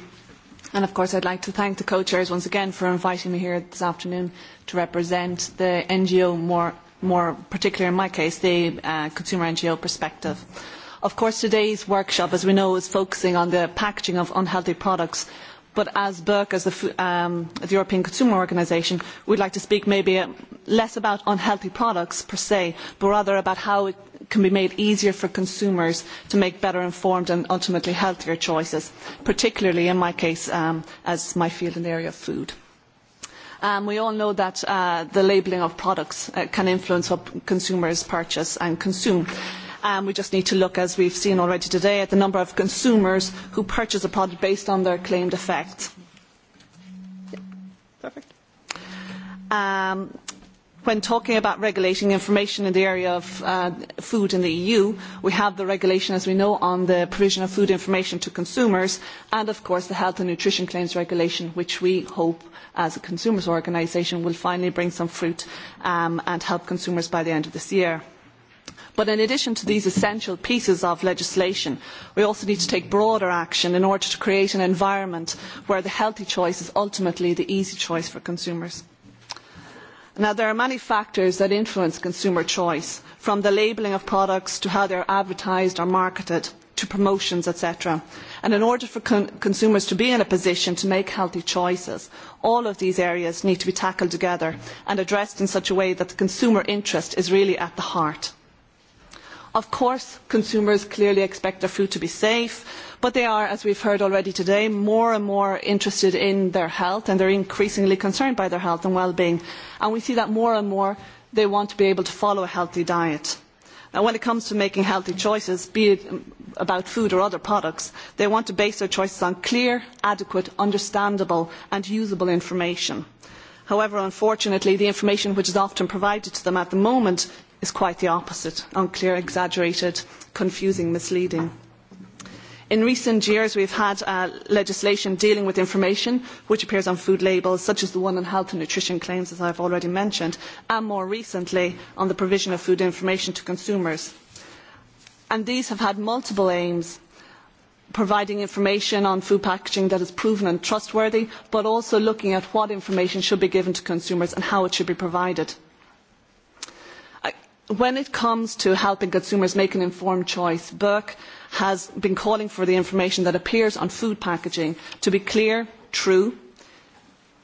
And of course, I'd like to thank the co-chairs once again for inviting me here this afternoon to represent the NGO more, more particularly in my case, the uh, consumer NGO perspective. Of course, today's workshop, as we know, is focusing on the packaging of unhealthy products but as Burke, as the, European Consumer Organisation, would like to speak maybe less about unhealthy products per se, but rather about how it can be made easier for consumers to make better informed and ultimately healthier choices, particularly in my case as my field in the area of food. we all know that the labelling of products can influence what consumers purchase and consume we just need to look, as we have seen already today, at the number of consumers who purchase a product based on their claimed effects. when talking about regulating information in the area of food in the EU, we have the regulation, as we know, on the provision of food information to consumers, and of course the Health and Nutrition Claims Regulation, which we hope as a consumers organisation will finally bring some fruit and help consumers by the end of this year. But in addition to these essential pieces of legislation, we also need to take broader action in order to create an environment where the healthy choice is ultimately the easy choice for consumers. Now, there are many factors that influence consumer choice, from the labelling of products to how they are advertised or marketed to promotions, etc. And in order for consumers to be in a position to make healthy choices, all of these areas need to be tackled together and addressed in such a way that the consumer interest is really at the heart Of course, consumers clearly expect their food to be safe, but they are, as we have heard already today, more and more interested in their health and they are increasingly concerned by their health and well-being. And we see that more and more they want to be able to follow a healthy diet. when it comes to making healthy choices, be it about food or other products, they want to base their choices on clear, adequate, understandable and usable information. However, unfortunately, the information which is often provided to them at the moment is quite the opposite unclear, exaggerated, confusing, misleading. In recent years, we have had legislation dealing with information which appears on food labels, such as the one on health and nutrition claims, as I have already mentioned, and more recently on the provision of food information to consumers. these have had multiple aims, providing information on food packaging that is proven and trustworthy, but also looking at what information should be given to consumers and how it should be provided when it comes to helping consumers make an informed choice, Burke has been calling for the information that appears on food packaging to be clear, true,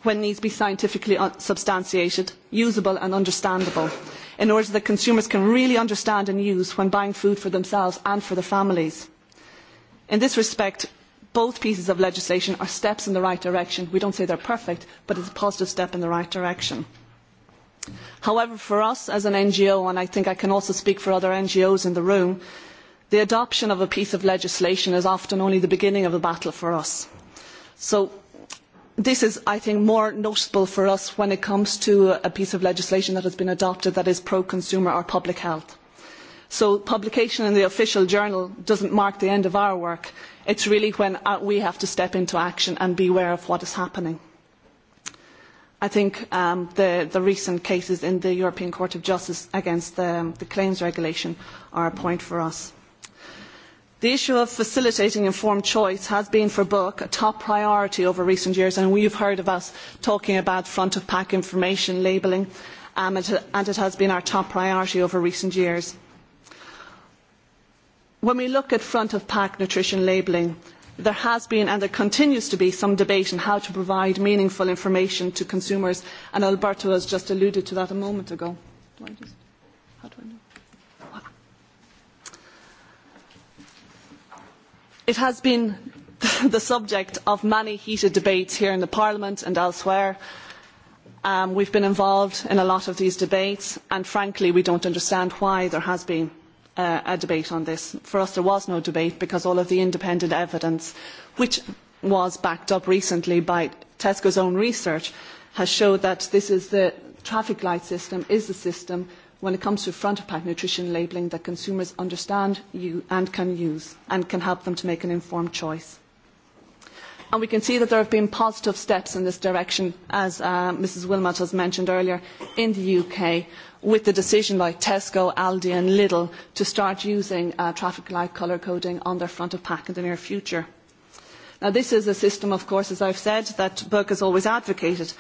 when needs be scientifically substantiated, usable and understandable, in order that consumers can really understand and use when buying food for themselves and for their families. In this respect, both pieces of legislation are steps in the right direction. We do not say they are perfect, but it is a positive step in the right direction. However, for us as an NGO, and I think I can also speak for other NGOs in the room, the adoption of a piece of legislation is often only the beginning of a battle for us. So this is, I think, more noticeable for us when it comes to a piece of legislation that has been adopted that is pro-consumer or public health. So publication in the official journal does not mark the end of our work. It is really when we have to step into action and be aware of what is happening. I think the, the recent cases in the European Court of Justice against the, the claims regulation are a point for us. The issue of facilitating informed choice has been for Book a top priority over recent years, and we have heard of us talking about front of pack information labelling, and it has been our top priority over recent years. When we look at front of pack nutrition labelling, there has been and there continues to be some debate on how to provide meaningful information to consumers, and Alberto has just alluded to that a moment ago. It has been the subject of many heated debates here in Parliament and elsewhere. We have been involved in a lot of these debates, and frankly, we do not understand why there has been a debate on this. For us, there was no debate because all of the independent evidence, which was backed up recently by Tesco's own research, has shown that this is the traffic light system is the system when it comes to front of pack nutrition labelling that consumers understand and can use and can help them to make an informed choice and we can see that there have been positive steps in this direction, as Mrs Willmott has mentioned earlier, in the UK with the decision by Tesco, Aldi and Lidl to start using traffic light colour coding on their front of pack in the near future. this is a system, of course, as I have said, that Burke has always advocated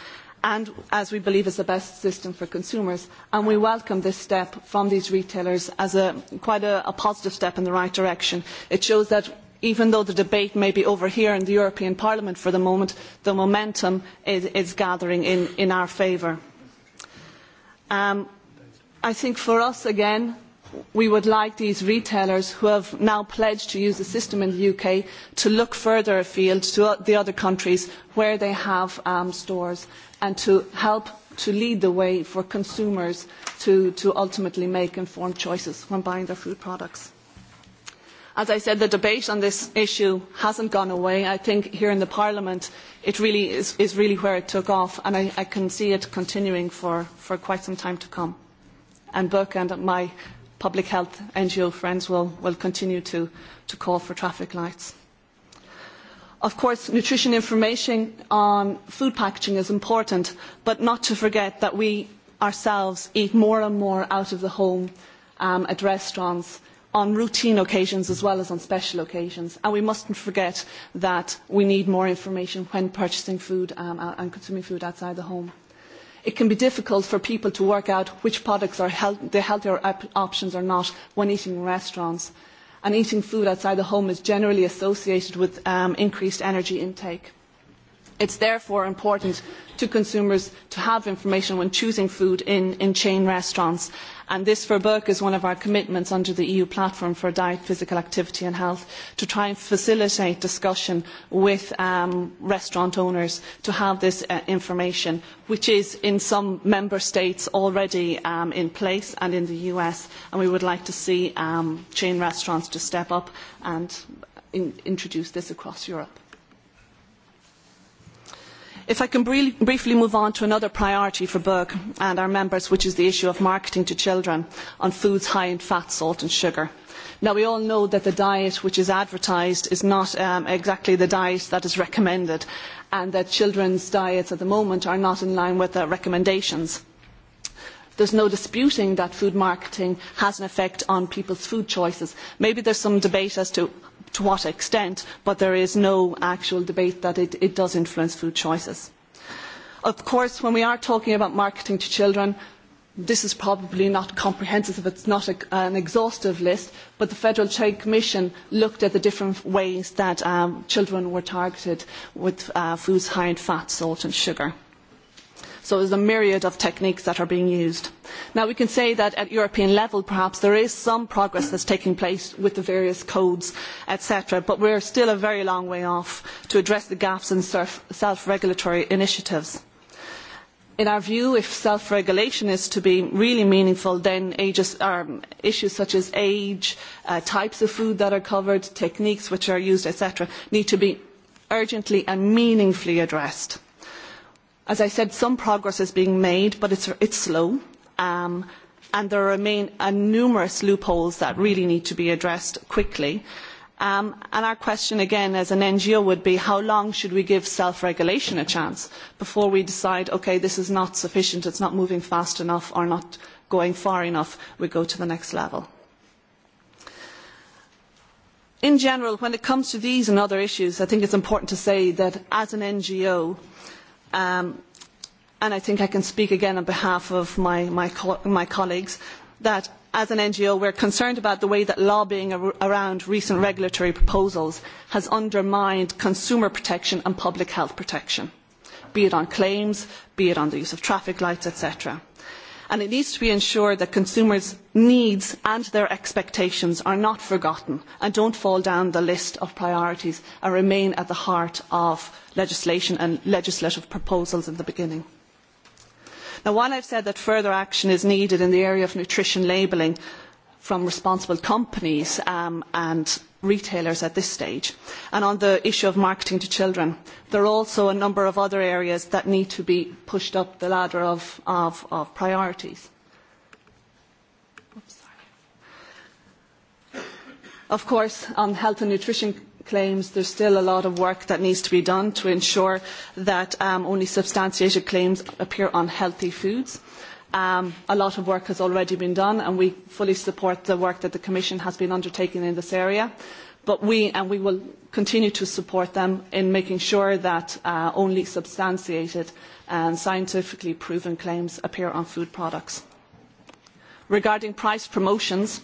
and as we believe is the best system for consumers. And we welcome this step from these retailers as quite a, positive step in the right direction. It shows that even though the debate may be over here in the European Parliament for the moment, the momentum is, gathering in, our favour. I think for us, again, we would like these retailers who have now pledged to use the system in the UK to look further afield to the other countries where they have stores and to help to lead the way for consumers to, ultimately make informed choices when buying their food products as I said, the debate on this issue has not gone away. I think here in Parliament it really is, is really where it took off, and I, I can see it continuing for, for quite some time to come. And Burke and my public health NGO friends will, will continue to, to call for traffic lights. Of course, nutrition information on food packaging is important, but not to forget that we ourselves eat more and more out of the home um, at restaurants on routine occasions as well as on special occasions. And we must not forget that we need more information when purchasing food and consuming food outside the home. It can be difficult for people to work out which products are the healthier options or not when eating in restaurants. And eating food outside the home is generally associated with increased energy intake. It is therefore important to consumers to have information when choosing food in, chain restaurants And this for Burke is one of our commitments under the EU platform for diet, physical activity and health to try and facilitate discussion with restaurant owners to have this information, which is in some member states already in place and in the US. And we would like to see chain restaurants to step up and introduce this across Europe. If I can briefly move on to another priority for Berg and our members, which is the issue of marketing to children on foods high in fat, salt and sugar. we all know that the diet which is advertised is not exactly the diet that is recommended and that children's diets at the moment are not in line with the recommendations. There is no disputing that food marketing has an effect on people's food choices. Maybe there is some debate as to to what extent, but there is no actual debate that it, it does influence food choices. Of course, when we are talking about marketing to children, this is probably not comprehensive, it's not a, an exhaustive list, but the Federal Trade Commission looked at the different ways that um, children were targeted with uh, foods high in fat, salt and sugar. So there is a myriad of techniques that are being used. Now we can say that at European level perhaps there is some progress that is taking place with the various codes, etc. But we are still a very long way off to address the gaps in self-regulatory initiatives. In our view, if self-regulation is to be really meaningful, then issues such as age, types of food that are covered, techniques which are used, etc., need to be urgently and meaningfully addressed As I said, some progress is being made, but it is slow. and there remain numerous loopholes that really need to be addressed quickly. our question again as an NGO would be how long should we give self-regulation a chance before we decide, okay, this is not sufficient, it is not moving fast enough or not going far enough, we go to the next level. In general, when it comes to these and other issues, I think it is important to say that as an NGO, Um, and I think I can speak again on behalf of my, my, co- my colleagues that as an NGO, we are concerned about the way that lobbying around recent regulatory proposals has undermined consumer protection and public health protection, be it on claims, be it on the use of traffic lights, etc and it needs to be ensured that consumers' needs and their expectations are not forgotten and do not fall down the list of priorities and remain at the heart of legislation and legislative proposals in the beginning. while I have said that further action is needed in the area of nutrition labelling from responsible companies and retailers at this stage. And on the issue of marketing to children, there are also a number of other areas that need to be pushed up the ladder of, of, of priorities. Of course, on health and nutrition claims, there is still a lot of work that needs to be done to ensure that only substantiated claims appear on healthy foods a lot of work has already been done and we fully support the work that the Commission has been undertaking in this area. But we, and we will continue to support them in making sure that only substantiated and scientifically proven claims appear on food products. Regarding price promotions,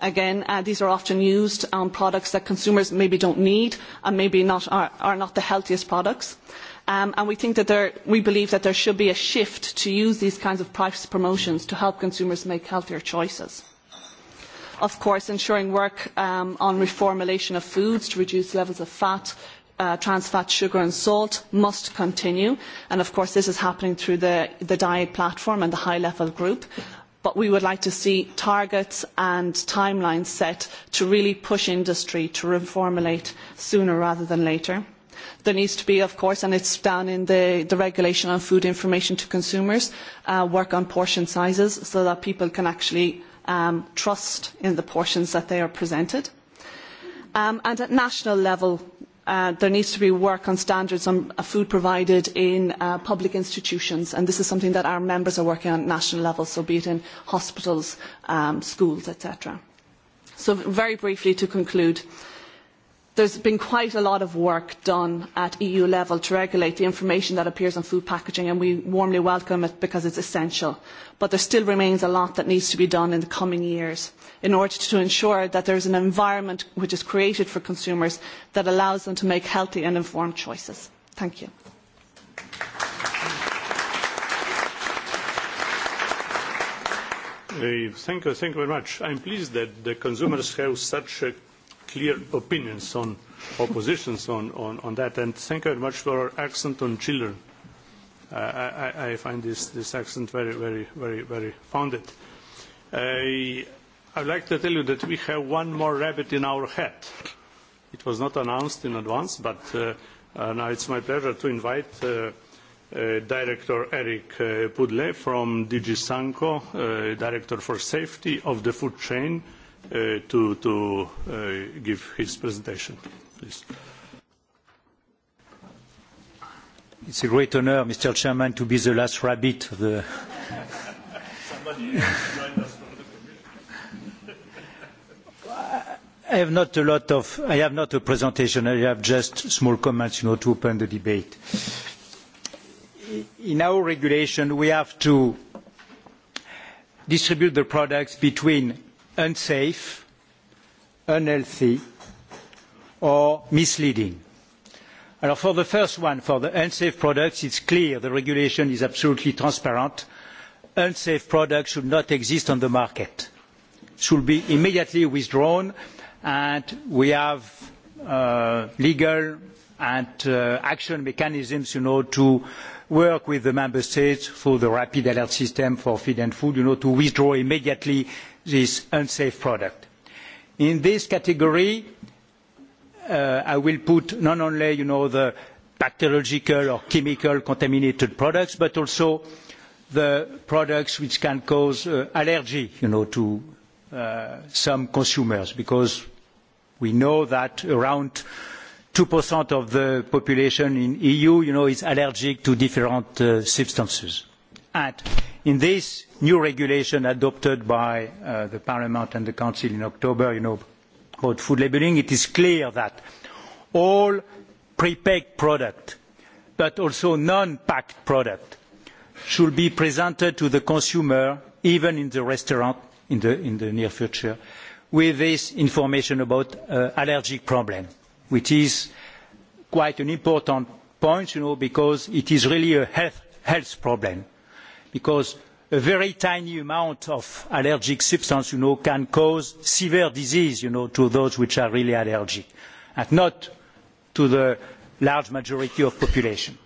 again, these are often used on products that consumers maybe do not need and maybe are not the healthiest products and we think that there, we believe that there should be a shift to use these kinds of price promotions to help consumers make healthier choices. Of course, ensuring work on reformulation of foods to reduce levels of fat, trans fat, sugar and salt must continue. And of course, this is happening through the, the diet platform and the high level group. But we would like to see targets and timelines set to really push industry to reformulate sooner rather than later There needs to be, of course, and it's down in the, the regulation on food information to consumers, work on portion sizes so that people can actually trust in the portions that they are presented. and at national level, there needs to be work on standards on food provided in public institutions, and this is something that our members are working on at national level, so be it in hospitals, schools, etc. So very briefly to conclude, There has been quite a lot of work done at EU level to regulate the information that appears on food packaging, and we warmly welcome it because it is essential. But there still remains a lot that needs to be done in the coming years in order to ensure that there is an environment which is created for consumers that allows them to make healthy and informed choices. Thank you. Thank you, very much. I am pleased that the consumers have such a clear opinions on or positions on, on, on that. And thank you very much for our accent on children. I, I, I find this, this accent very, very, very, very founded. I'd like to tell you that we have one more rabbit in our hat. It was not announced in advance, but uh, uh, now it's my pleasure to invite uh, Director Eric Pudle from DG uh, Director for Safety of the Food Chain, to give his presentation. Please. It's a great honor, Mr. Chairman, to be the last rabbit of the. Somebody joined us I have not a lot of. I have not a presentation. I have just small comments, you know, to open the debate. In our regulation, we have to distribute the products between unsafe, unhealthy, or misleading. For the first one, for the unsafe products, it's clear the regulation is absolutely transparent. Unsafe products should not exist on the market, should be immediately withdrawn, and we have legal and action mechanisms to work with the member states through the rapid alert system for feed and food to withdraw immediately this unsafe product. In this category, I will put not only the bacteriological or chemical contaminated products, but also the products which can cause allergy to some consumers, because we know that around 2% of the population in the EU is allergic to different substances. And in this new regulation adopted by parliament and the council in october about food labelling it is clear that all prepacked products but also non packed products should be presented to the consumer even in the restaurant in the near future with this information about allergic problems which is quite an important point because it is really a health problem because a very tiny amount of allergic substance can cause severe disease to those which are really allergic and not to the large majority of the population.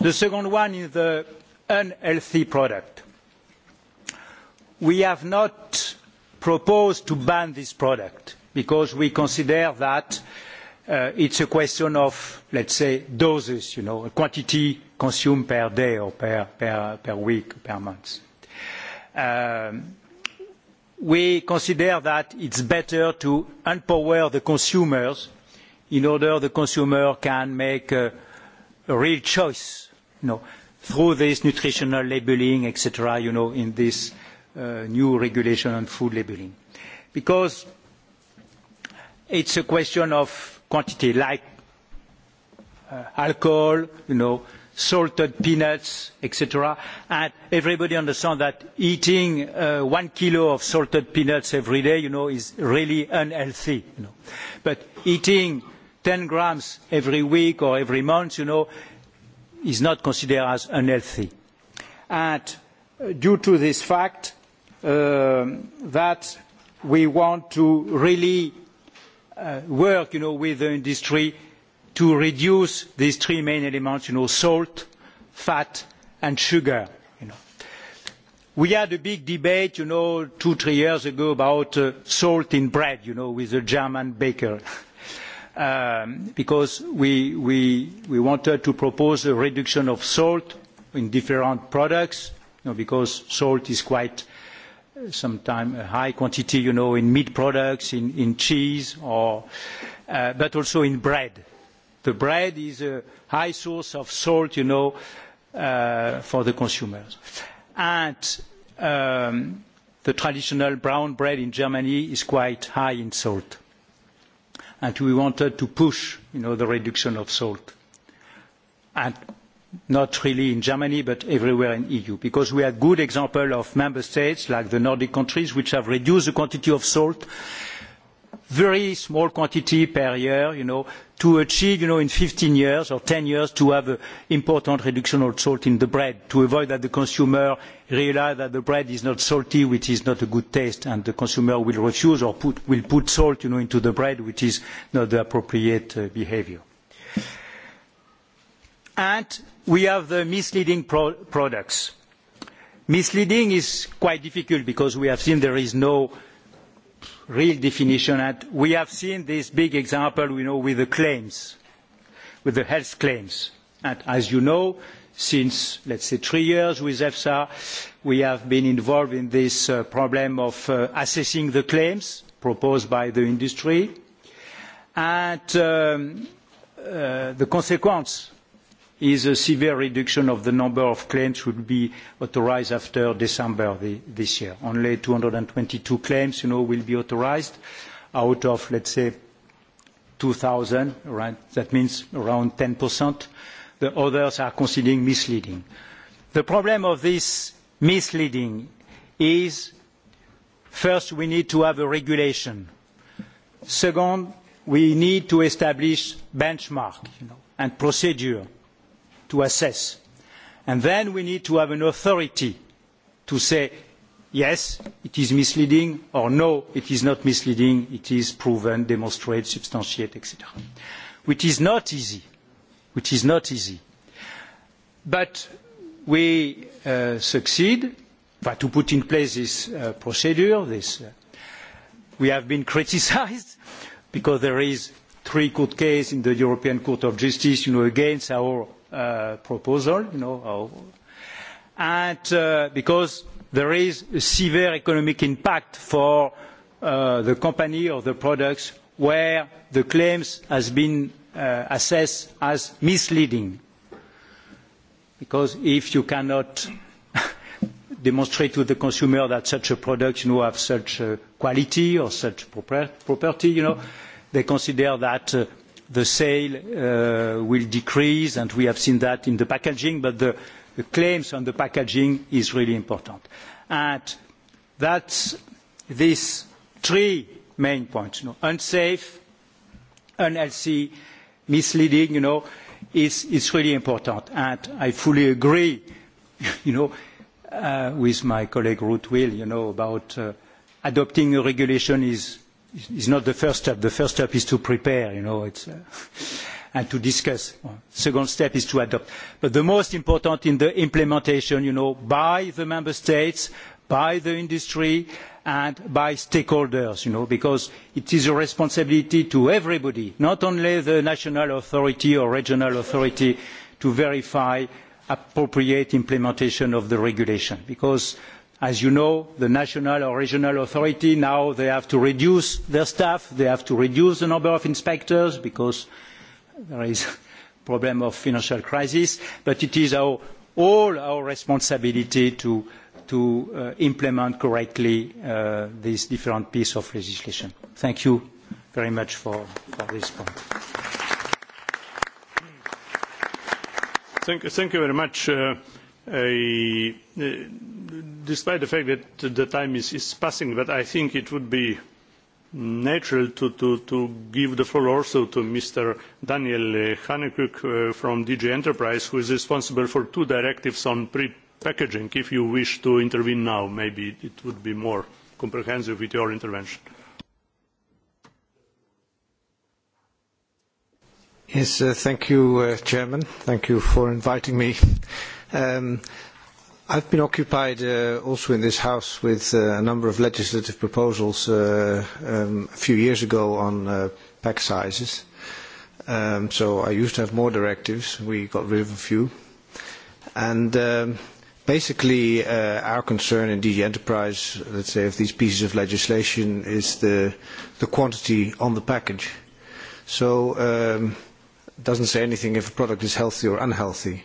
The second one is the unhealthy product. We have not proposed to ban this product because we consider that uh, It is a question of, let's say, doses, you know, quantity consumed per day or per week, per month. We consider that it's better to empower the consumers in order the consumer can make a real choice, you know, through this nutritional labelling, etc., you know, in this new regulation on food labelling. Because it's a question of quantity like alcohol, you know, salted peanuts, etc. And everybody understands that eating one kilo of salted peanuts every day, you know, is really unhealthy. You know. But eating ten grams every week or every month, you know, is not considered as unhealthy. And due to this fact that we want to really work with the industry to reduce these three main elements salt fat and sugar. we had a big debate two or three years ago about salt in bread with a german baker because we wanted to propose a reduction of salt in different products because salt is quite sometimes a high quantity, you know, in meat products, in, in cheese, or, uh, but also in bread. The bread is a high source of salt, you know, uh, for the consumers. And um, the traditional brown bread in Germany is quite high in salt. And we wanted to push, you know, the reduction of salt. And not really in Germany, but everywhere in the EU, because we have good examples of member states, like the Nordic countries, which have reduced the quantity of salt, very small quantity per year, you know, to achieve, in fifteen years or ten years, to have an important reduction of salt in the bread, to avoid that the consumer realises that the bread is not salty, which is not a good taste, and the consumer will refuse or will put salt, into the bread, which is not the appropriate behaviour. And we have the misleading products. Misleading is quite difficult because we have seen there is no real definition. And we have seen this big example, know, with the claims, with the health claims. And as you know, since, let's say, three years with EFSA, we have been involved in this problem of assessing the claims proposed by the industry. And the consequence is a severe reduction of the number of claims will be authorised after December this year. Only two hundred and twenty two claims, will be authorised out of, let's say, 2,000, right? That means around 10%. The others are considered misleading. The problem of this misleading is, first, we need to have a regulation. Second, we need to establish benchmark, and procedure to assess. And then we need to have an authority to say, yes, it is misleading, or no, it is not misleading, it is proven, demonstrated, substantiated, etc. Which is not easy. Which is not easy. But we succeed to put in place this procedure. This, we have been criticised because there is three court cases in the European Court of Justice, you know, against our proposal, you know, and because there is a severe economic impact for the company or the products where the claims has been assessed as misleading. Because if you cannot demonstrate to the consumer that such a product you have such quality or such property, you know, they consider that the sale will decrease, and we have seen that in the packaging, but the claims on the packaging is really important. And that's these three main points. Unsafe, unhealthy, misleading, you know, is, is really important. And I fully agree, you know, with my colleague Ruth Will, you know, about adopting a regulation is is not the first step. The first step is to prepare, you know, it's, uh, and to discuss. Second step is to adopt. But the most important in the implementation, you know, by the member states, by the industry, and by stakeholders, you know, because it is a responsibility to everybody, not only the national authority or regional authority, to verify appropriate implementation of the regulation. Because as you know the national or regional authority now they have to reduce their staff they have to reduce the number of inspectors because there is a problem of financial crisis but it is all our responsibility to implement correctly these different pieces of legislation. Thank you very much for this point. Thank you very much despite the fact that the time is passing, but I think it would be natural to give the floor also to Mr. Daniel Hanekuk from DG Enterprise, who is responsible for two directives on pre-packaging. If you wish to intervene now, maybe it would be more comprehensive with your intervention. thank you, Chairman. Thank you for inviting me. Um, I've been occupied uh, also in this House with uh, a number of legislative proposals uh, um, a few years ago on uh, pack sizes. Um, so I used to have more directives. We got rid of a few. And um, basically, uh, our concern in DG Enterprise, let's say, of these pieces of legislation is the, the quantity on the package. So um, it doesn't say anything if a product is healthy or unhealthy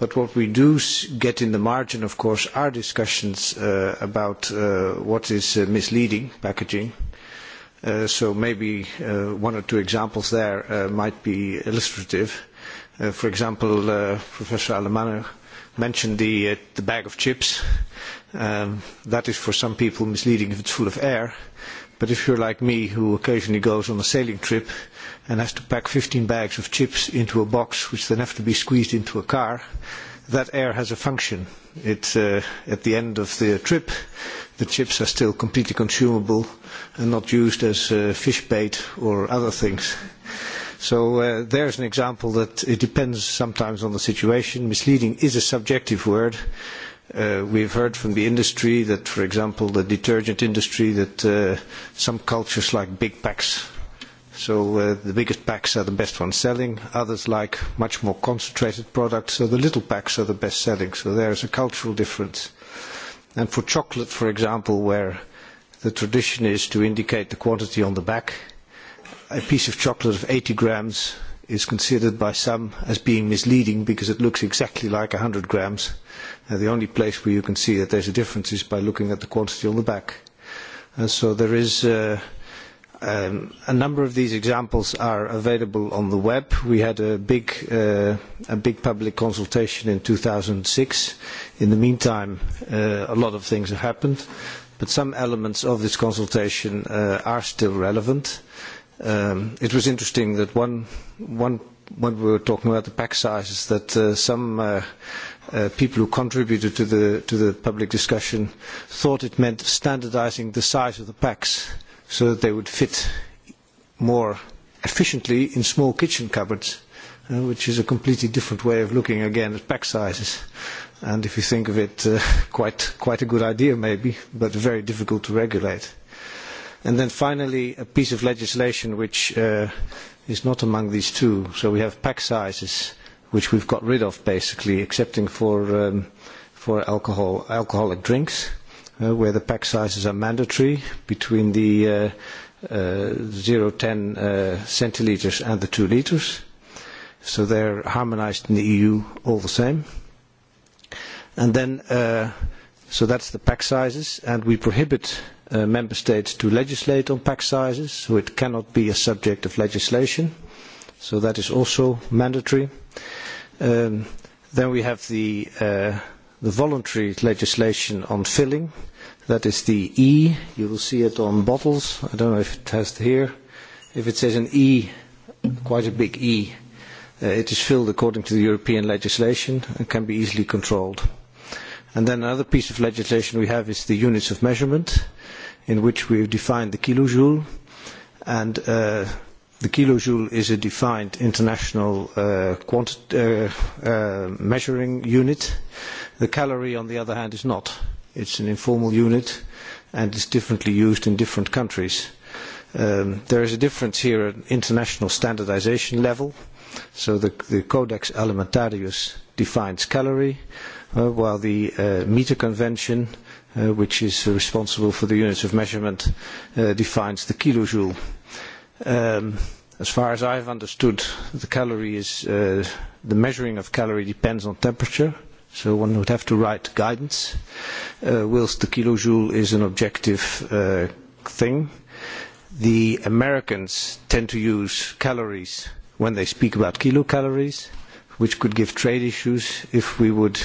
But what we do get in the margin, of course, are discussions about what is misleading packaging. so maybe one or two examples there might be illustrative. for example, Professor Alemano mentioned the, bag of chips. that is for some people misleading if it is full of air But if you're like me, who occasionally goes on a sailing trip and has to pack 15 bags of chips into a box, which then have to be squeezed into a car, that air has a function. It, uh, at the end of the trip, the chips are still completely consumable and not used as uh, fish bait or other things. So uh, there's an example that it depends sometimes on the situation. Misleading is a subjective word We've heard from the industry that, for example, the detergent industry, that some cultures like big packs. So the biggest packs are the best ones selling. Others like much more concentrated products. So the little packs are the best selling. So there is a cultural difference. And for chocolate, for example, where the tradition is to indicate the quantity on the back, a piece of chocolate of 80 grams is considered by some as being misleading because it looks exactly like 100 grams. Uh, the only place where you can see that there's a difference is by looking at the quantity on the back. so there is uh, um, a number of these examples are available on the web. We had a big, uh, a big public consultation in 2006. In the meantime, uh, a lot of things have happened, but some elements of this consultation uh, are still relevant um, it was interesting that one, one when we were talking about the pack sizes, that uh, some uh, uh, people who contributed to the to the public discussion thought it meant standardising the size of the packs so that they would fit more efficiently in small kitchen cupboards, uh, which is a completely different way of looking again at pack sizes. And if you think of it, uh, quite quite a good idea maybe, but very difficult to regulate. And then finally, a piece of legislation which is not among these two. So we have pack sizes, which we've got rid of basically, excepting for, for alcohol, alcoholic drinks, where the pack sizes are mandatory between the uh, uh, 010 uh, centiliters and the 2 liters. So they're harmonized in the EU all the same. And then, uh, so that's the pack sizes, and we prohibit member states to legislate on pack sizes, so it cannot be a subject of legislation. So that is also mandatory. then we have the, voluntary legislation on filling. That is the E. You will see it on bottles. I don't know if it has here. If it says an E, quite a big E, it is filled according to the European legislation and can be easily controlled. And then another piece of legislation we have is the units of measurement in which we have defined the kilojoule. And the kilojoule is a defined international measuring unit. The calorie, on the other hand, is not. It's an informal unit and is differently used in different countries. there is a difference here at international standardisation level. So the, the Codex Alimentarius defines calorie, while the Meter Convention which is responsible for the units of measurement, defines the kilojoule. as far as I have understood, the calorie is the measuring of calorie depends on temperature, so one would have to write guidance, whilst the kilojoule is an objective thing. The Americans tend to use calories when they speak about kilocalories, which could give trade issues if we would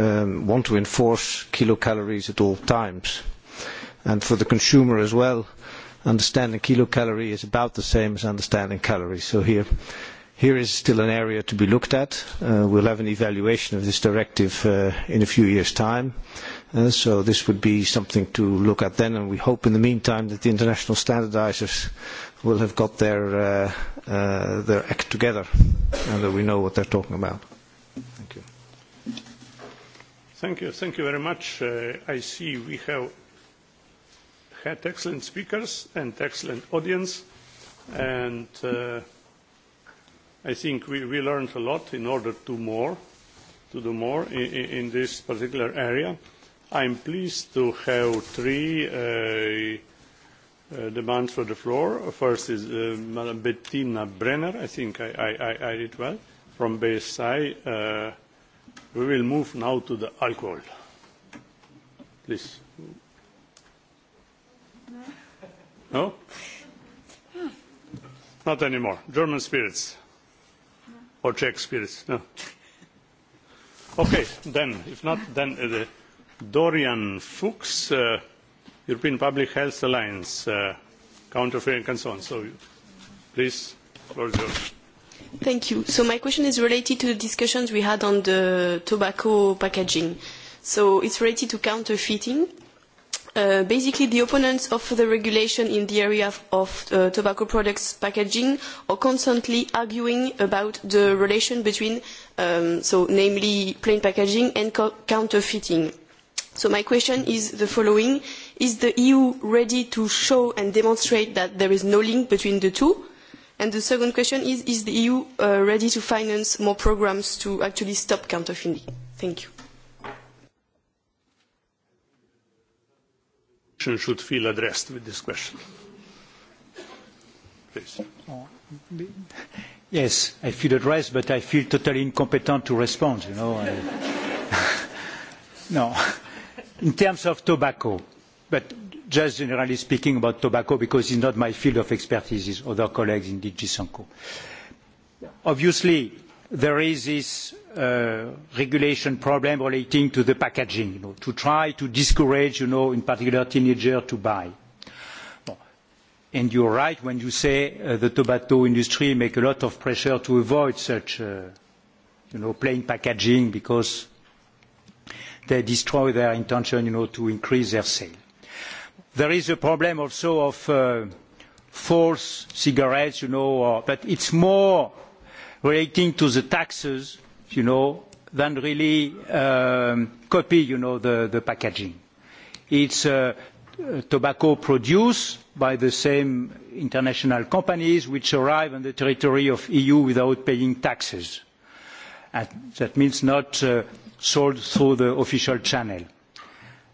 want to enforce kilocalories at all times. And for the consumer as well, understanding kilocalorie is about the same as understanding calories. So here, here is still an area to be looked at. Uh, we'll have an evaluation of this directive uh, in a few years' time. Uh, so this would be something to look at then, and we hope in the meantime that the international standardizers will have got their, uh, uh, their act together and that we know what they're talking about. Thank you. Thank you very much. I see we have had excellent speakers and excellent audience, and I think we, we learned a lot in order to more, to do more in, in this particular area. I'm pleased to have three uh, demands for the floor. First is uh, Bettina Brenner, I think I, I, I, I did well, from BSI. Uh, We will move now to the alcohol. Please. No? Not anymore. German spirits. Or Czech spirits. No. Okay, then. If not, then uh, Dorian Fuchs, uh, European Public Health Alliance, uh, counterfeiting and so on. So, please, floor is yours. Thank you. So my question is related to the discussions we had on the tobacco packaging. So it's related to counterfeiting. Uh, basically, the opponents of the regulation in the area of, of uh, tobacco products packaging are constantly arguing about the relation between, um, so namely plain packaging and co counterfeiting. So my question is the following. Is the EU ready to show and demonstrate that there is no link between the two? And the second question is, is the EU ready to finance more programmes to actually stop counterfeiting? Thank you. should feel addressed with this question. Please. Yes, I feel addressed, but I feel totally incompetent to respond, you know. no. In terms of tobacco, but just generally speaking about tobacco because it is not my field of expertise it is other colleagues in dg sanco obviously there is this regulation problem relating to the packaging to try to discourage in particular teenagers to buy and you are right when you say the tobacco industry makes a lot of pressure to avoid such plain packaging because they destroy their intention to increase their sales there is a problem also of false cigarettes, you know, but it is more relating to the taxes, you know, than really copy, you know, the, the packaging. It's uh, tobacco produced by the same international companies which arrive on the territory of the EU without paying taxes. And that means not sold through the official channel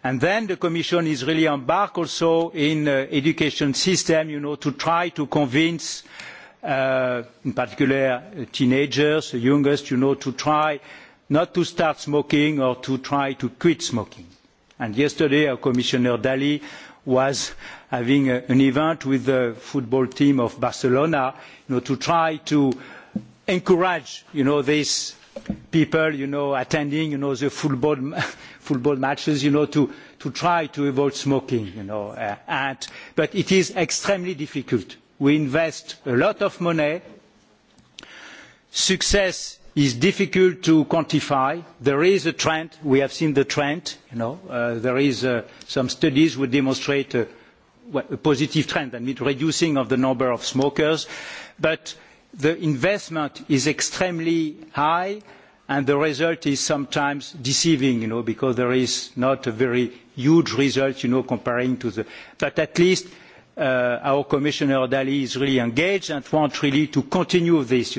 and then the commission is really embarked also in the education system to try to convince in particular teenagers the youngest to try not to start smoking or to try to quit smoking. yesterday our commissioner dalli was having an event with the football team of barcelona to try to encourage this people you know attending you know the football football matches you know to to try to avoid smoking you know and but it is extremely difficult we invest a lot of money success is difficult to quantify there is a trend we have seen the trend you know there is some studies which demonstrate a, positive trend I mean reducing of the number of smokers but the investment is extremely high and the result is sometimes deceiving because there is not a very huge result comparing to the but at least our commissioner dalli is really engaged and wants really to continue this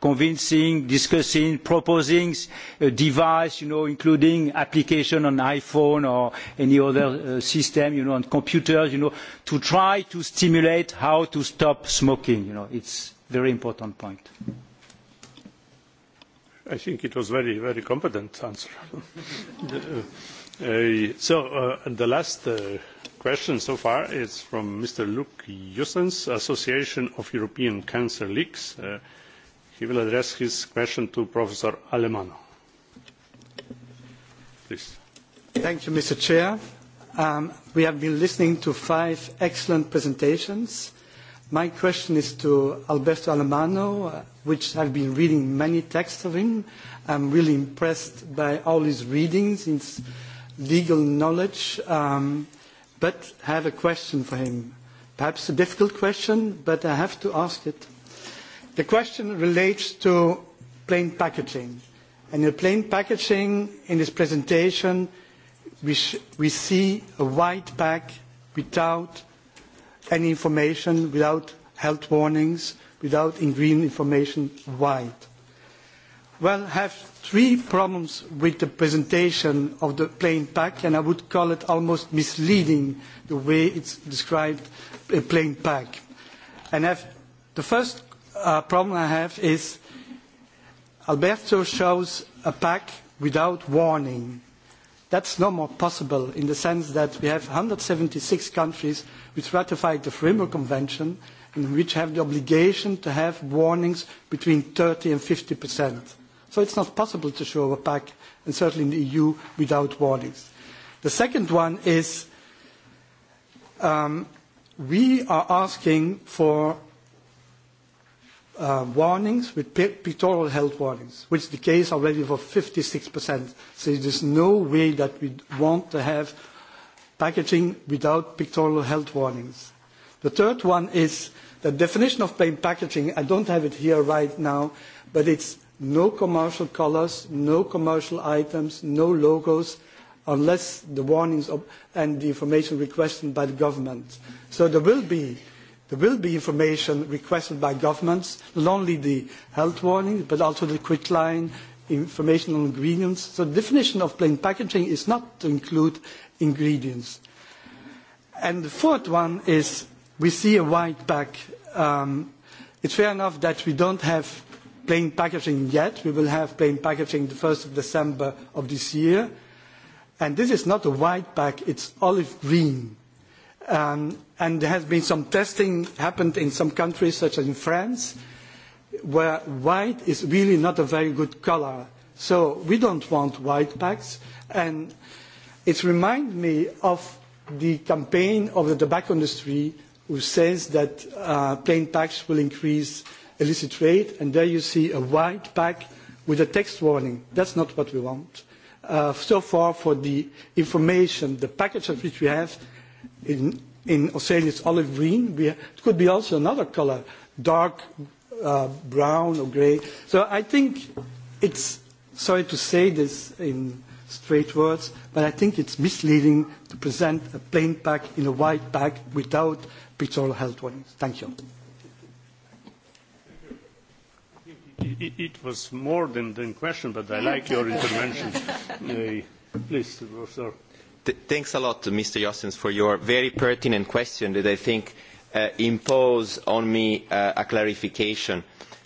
convincing discussing proposing a device including application on iphone or any other system on computers to try to stimulate how to stop smoking. it is very important point. I think it was a very, very competent answer. so the last question so far is from Mr. Luke Jussens, Association of European Cancer Uh, he will address his question to Professor Alemano. Please. Thank you, Mr. Chair. we have been listening to five excellent presentations My question is to Alberto Alemano, which I've been reading many texts of him. I'm really impressed by all his readings, his legal knowledge, um, but I have a question for him. Perhaps a difficult question, but I have to ask it. The question relates to plain packaging. And in plain packaging, in this presentation, we, sh- we see a white pack without any information without health warnings, without green information wide. Well, I have three problems with the presentation of the plain pack, and I would call it almost misleading the way it's described, a plain pack. And have, the first uh, problem I have is Alberto shows a pack without warning. That's no more possible in the sense that we have one hundred and seventy six countries which ratified the Framework Convention and which have the obligation to have warnings between thirty and 50%. So it's not possible to show a pack, and certainly in the EU, without warnings. The second one is we are asking for warnings, with pictorial health warnings, which is the case already for 56%. So there is no way that we want to have packaging without pictorial health warnings. The third one is the definition of plain packaging. I don't have it here right now, but it's no commercial colors, no commercial items, no logos, unless the warnings and the information requested by the government. So there will be There will be information requested by governments, not only the health warning, but also the quick line, information on ingredients. So the definition of plain packaging is not to include ingredients. And the fourth one is we see a wide pack. Um, it's fair enough that we don't have plain packaging yet. We will have plain packaging the 1st of December of this year. And this is not a white pack, it's olive green and there has been some testing happened in some countries, such as in France, where white is really not a very good colour. So we don't want white packs. And it reminds me of the campaign of the tobacco industry who says that uh, plain packs will increase illicit trade. And there you see a white pack with a text warning. That's not what we want. Uh, so far for the information, the package of which we have, In, in Australia, it's olive green. We, it could be also another color, dark uh, brown or gray. So I think it's, sorry to say this in straight words, but I think it's misleading to present a plain pack in a white pack without pictorial health warnings. Thank you. It, was more than a question, but I like your intervention. uh, please, sir thanks a lot, Mr. Jossens, for your very pertinent question that I think impose on me a clarification.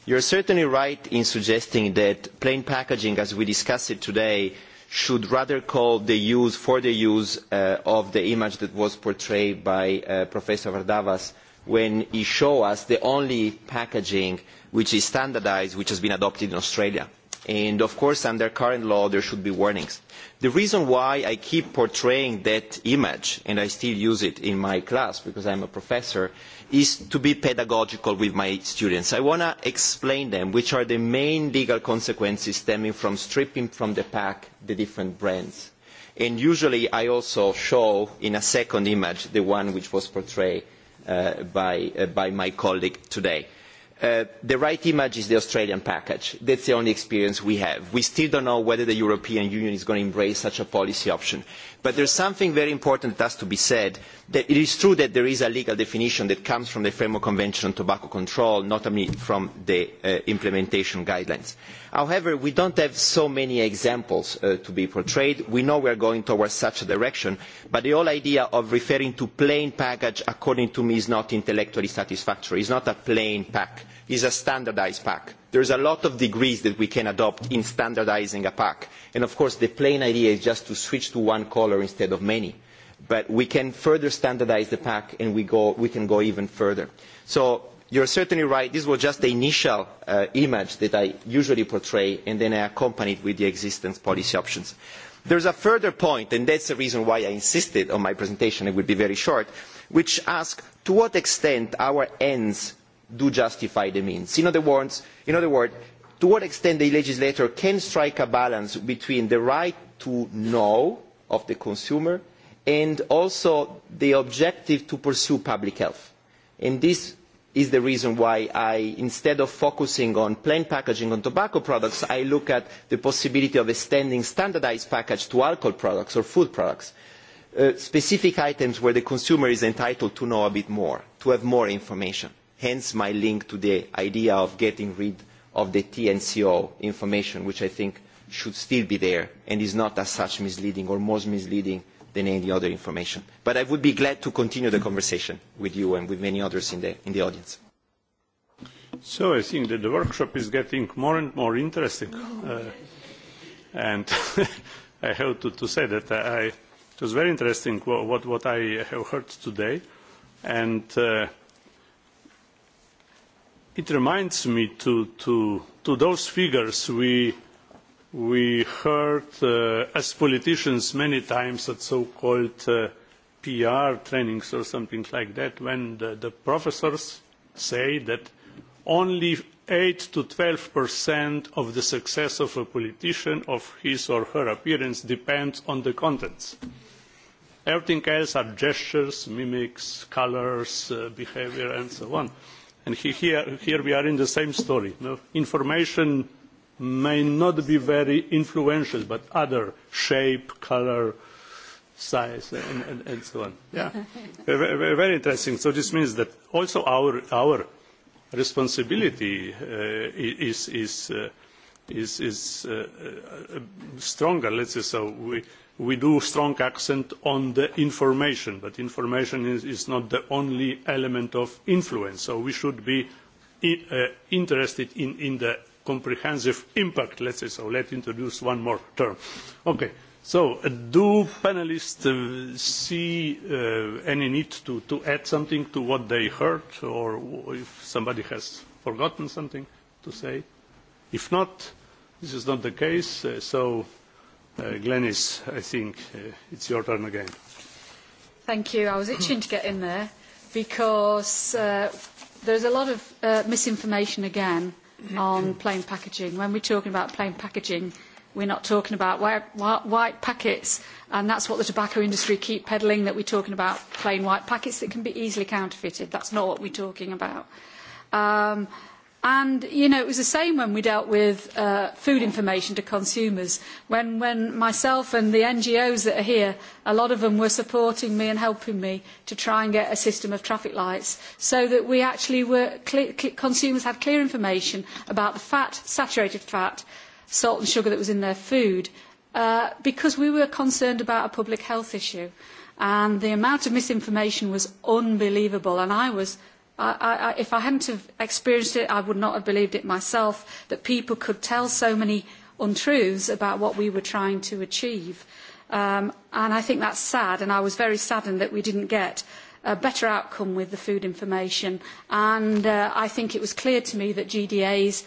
You are certainly right in suggesting that plain packaging, as we discuss it today, should rather call the use for the use of the image that was portrayed by Professor Vardavas when he showed us the only packaging which is standardised, which has been adopted in Australia And of course, under current law, there should be warnings. The reason why I keep portraying that image, and I still use it in my class because I am a professor, is to be pedagogical with my students. I want to explain them which are the main legal consequences stemming from stripping from the pack the different brands. And usually I also show in a second image the one which was portrayed by my colleague today the right image is the Australian package. That is the only experience we have. We still do not know whether the European Union is going to embrace such a policy option. But there is something very important that has to be said, that it is true that there is a legal definition that comes from the Framework Convention on Tobacco Control, not only from the implementation guidelines. However, we do not have so many examples to be portrayed. We know we are going towards such a direction, but the whole idea of referring to plain package, according to me, is not intellectually satisfactory. It is not a plain pack. it is a standardised pack There are a lot of degrees that we can adopt in standardising a pack. And of course, the plain idea is just to switch to one colour instead of many. But we can further standardise the pack and we, go, we can go even further. So you are certainly right. This was just the initial image that I usually portray and then I accompanied with the existing policy options. There is a further point, and that is the reason why I insisted on my presentation, it will be very short, which asks to what extent our ends do justify the means. In other words, to what extent the legislator can strike a balance between the right to know of the consumer and also the objective to pursue public health. And this is the reason why I, instead of focusing on plain packaging on tobacco products, I look at the possibility of extending standardised package to alcohol products or food products, specific items where the consumer is entitled to know a bit more, to have more information hence my link to the idea of getting rid of the TNCO information, which I think should still be there and is not as such misleading or more misleading than any other information. But I would be glad to continue the conversation with you and with many others in the, in the audience. So I think that the workshop is getting more and more interesting. and I have to, say that I, it was very interesting what, what I have heard today. And it reminds me to, to, to those figures we, we heard as politicians many times at so-called PR trainings or something like that, when the, the professors say that only eight to 12% of the success of a politician, of his or her appearance, depends on the contents. Everything else are gestures, mimics, colours, behaviour and so on and here we are in the same story. information may not be very influential, but other shape, colour, size, and, and, so on. Yeah, very interesting. So this means that also our our responsibility is is is is stronger. Let's say so. We we do a strong accent on the information, but information is, not the only element of influence. So we should be interested in, the comprehensive impact, let's say so. Let's introduce one more term. Okay. So do panelists see any need to, add something to what they heard or if somebody has forgotten something to say? If not, this is not the case. so Glenis, I think it's your turn again. Thank you. I was itching to get in there because uh, there's a lot of uh, misinformation again on plain packaging. When we're talking about plain packaging, we're not talking about white packets, and that's what the tobacco industry keep peddling, that we're talking about plain white packets that can be easily counterfeited. That's not what we're talking about. Um, And it was the same when we dealt with food information to consumers. When, when myself and the NGOs that are here, a lot of them were supporting me and helping me to try and get a system of traffic lights so that we actually were clear, consumers had clear information about the fat, saturated fat, salt and sugar that was in their food because we were concerned about a public health issue. And the amount of misinformation was unbelievable. And I was I, I, if I hadn't have experienced it, I would not have believed it myself that people could tell so many untruths about what we were trying to achieve. and I think that's sad, and I was very saddened that we didn't get a better outcome with the food information. And I think it was clear to me that GDAs,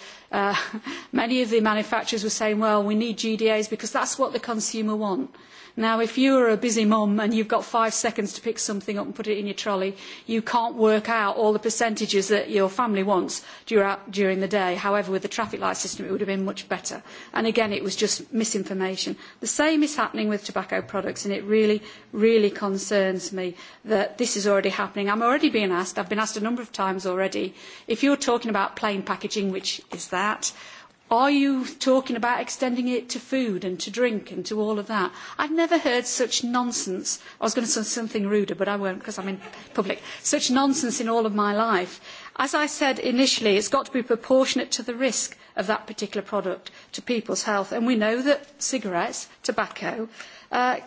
many of the manufacturers were saying, well, we need GDAs because that's what the consumer wants Now, if you're a busy mum and you've got five seconds to pick something up and put it in your trolley, you can't work out all the percentages that your family wants during the day. However, with the traffic light system, it would have been much better. And again, it was just misinformation. The same is happening with tobacco products, and it really, really concerns me that this is already happening. I'm already being asked, I've been asked a number of times already, if you're talking about plain packaging, which is that, Are you talking about extending it to food and to drink and to all of that? I've never heard such nonsense. I was going to say something ruder, but I won't because I'm in public. Such nonsense in all of my life. As I said initially, it's got to be proportionate to the risk of that particular product to people's health. And we know that cigarettes, tobacco, uh,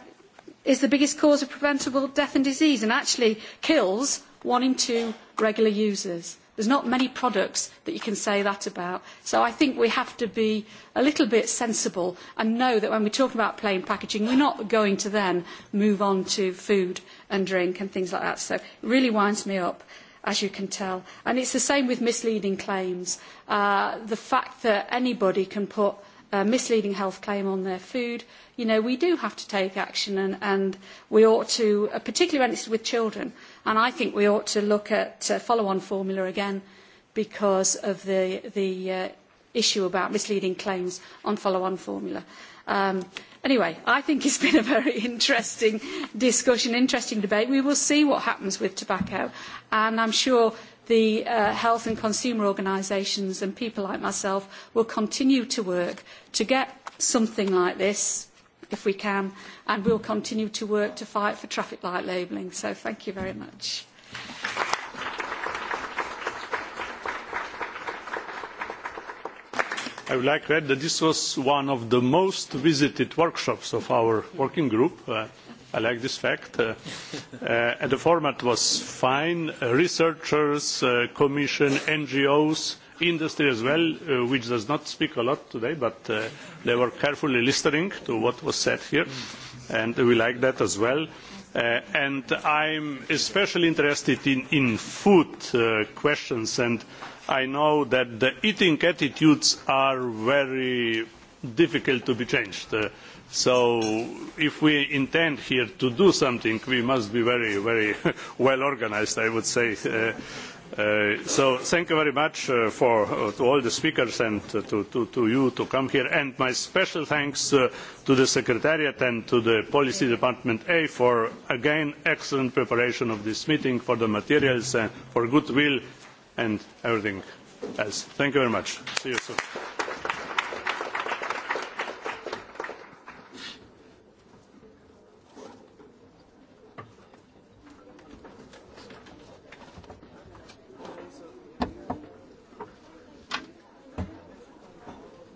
is the biggest cause of preventable death and disease and actually kills one in two regular users. There's not many products that you can say that about. So I think we have to be a little bit sensible and know that when we talk about plain packaging, we're not going to then move on to food and drink and things like that. So it really winds me up, as you can tell. And it's the same with misleading claims. the fact that anybody can put a misleading health claim on their food, you know, we do have to take action and, and we ought to, particularly when it's with children, And I think we ought to look at uh, follow-on formula again because of the, the uh, issue about misleading claims on follow-on formula. Um, anyway, I think it's been a very interesting discussion, interesting debate. We will see what happens with tobacco. And I'm sure the health and consumer organisations and people like myself will continue to work to get something like this if we can, and we'll continue to work to fight for traffic light labelling. So thank you very much. I would like to add that this was one of the most visited workshops of our working group. I like this fact. and the format was fine. researchers, commission, NGOs, industry as well, which does not speak a lot today, but they were carefully listening to what was said here, and we like that as well. And I am especially interested in food questions, and I know that the eating attitudes are very difficult to be changed. So if we intend here to do something, we must be very, very well organised, I would say so thank you very much for, to all the speakers and to, you to come here. And my special thanks to the Secretariat and to the Policy Department A for, again, excellent preparation of this meeting, for the materials, and for goodwill and everything else. Thank you very much. See you soon.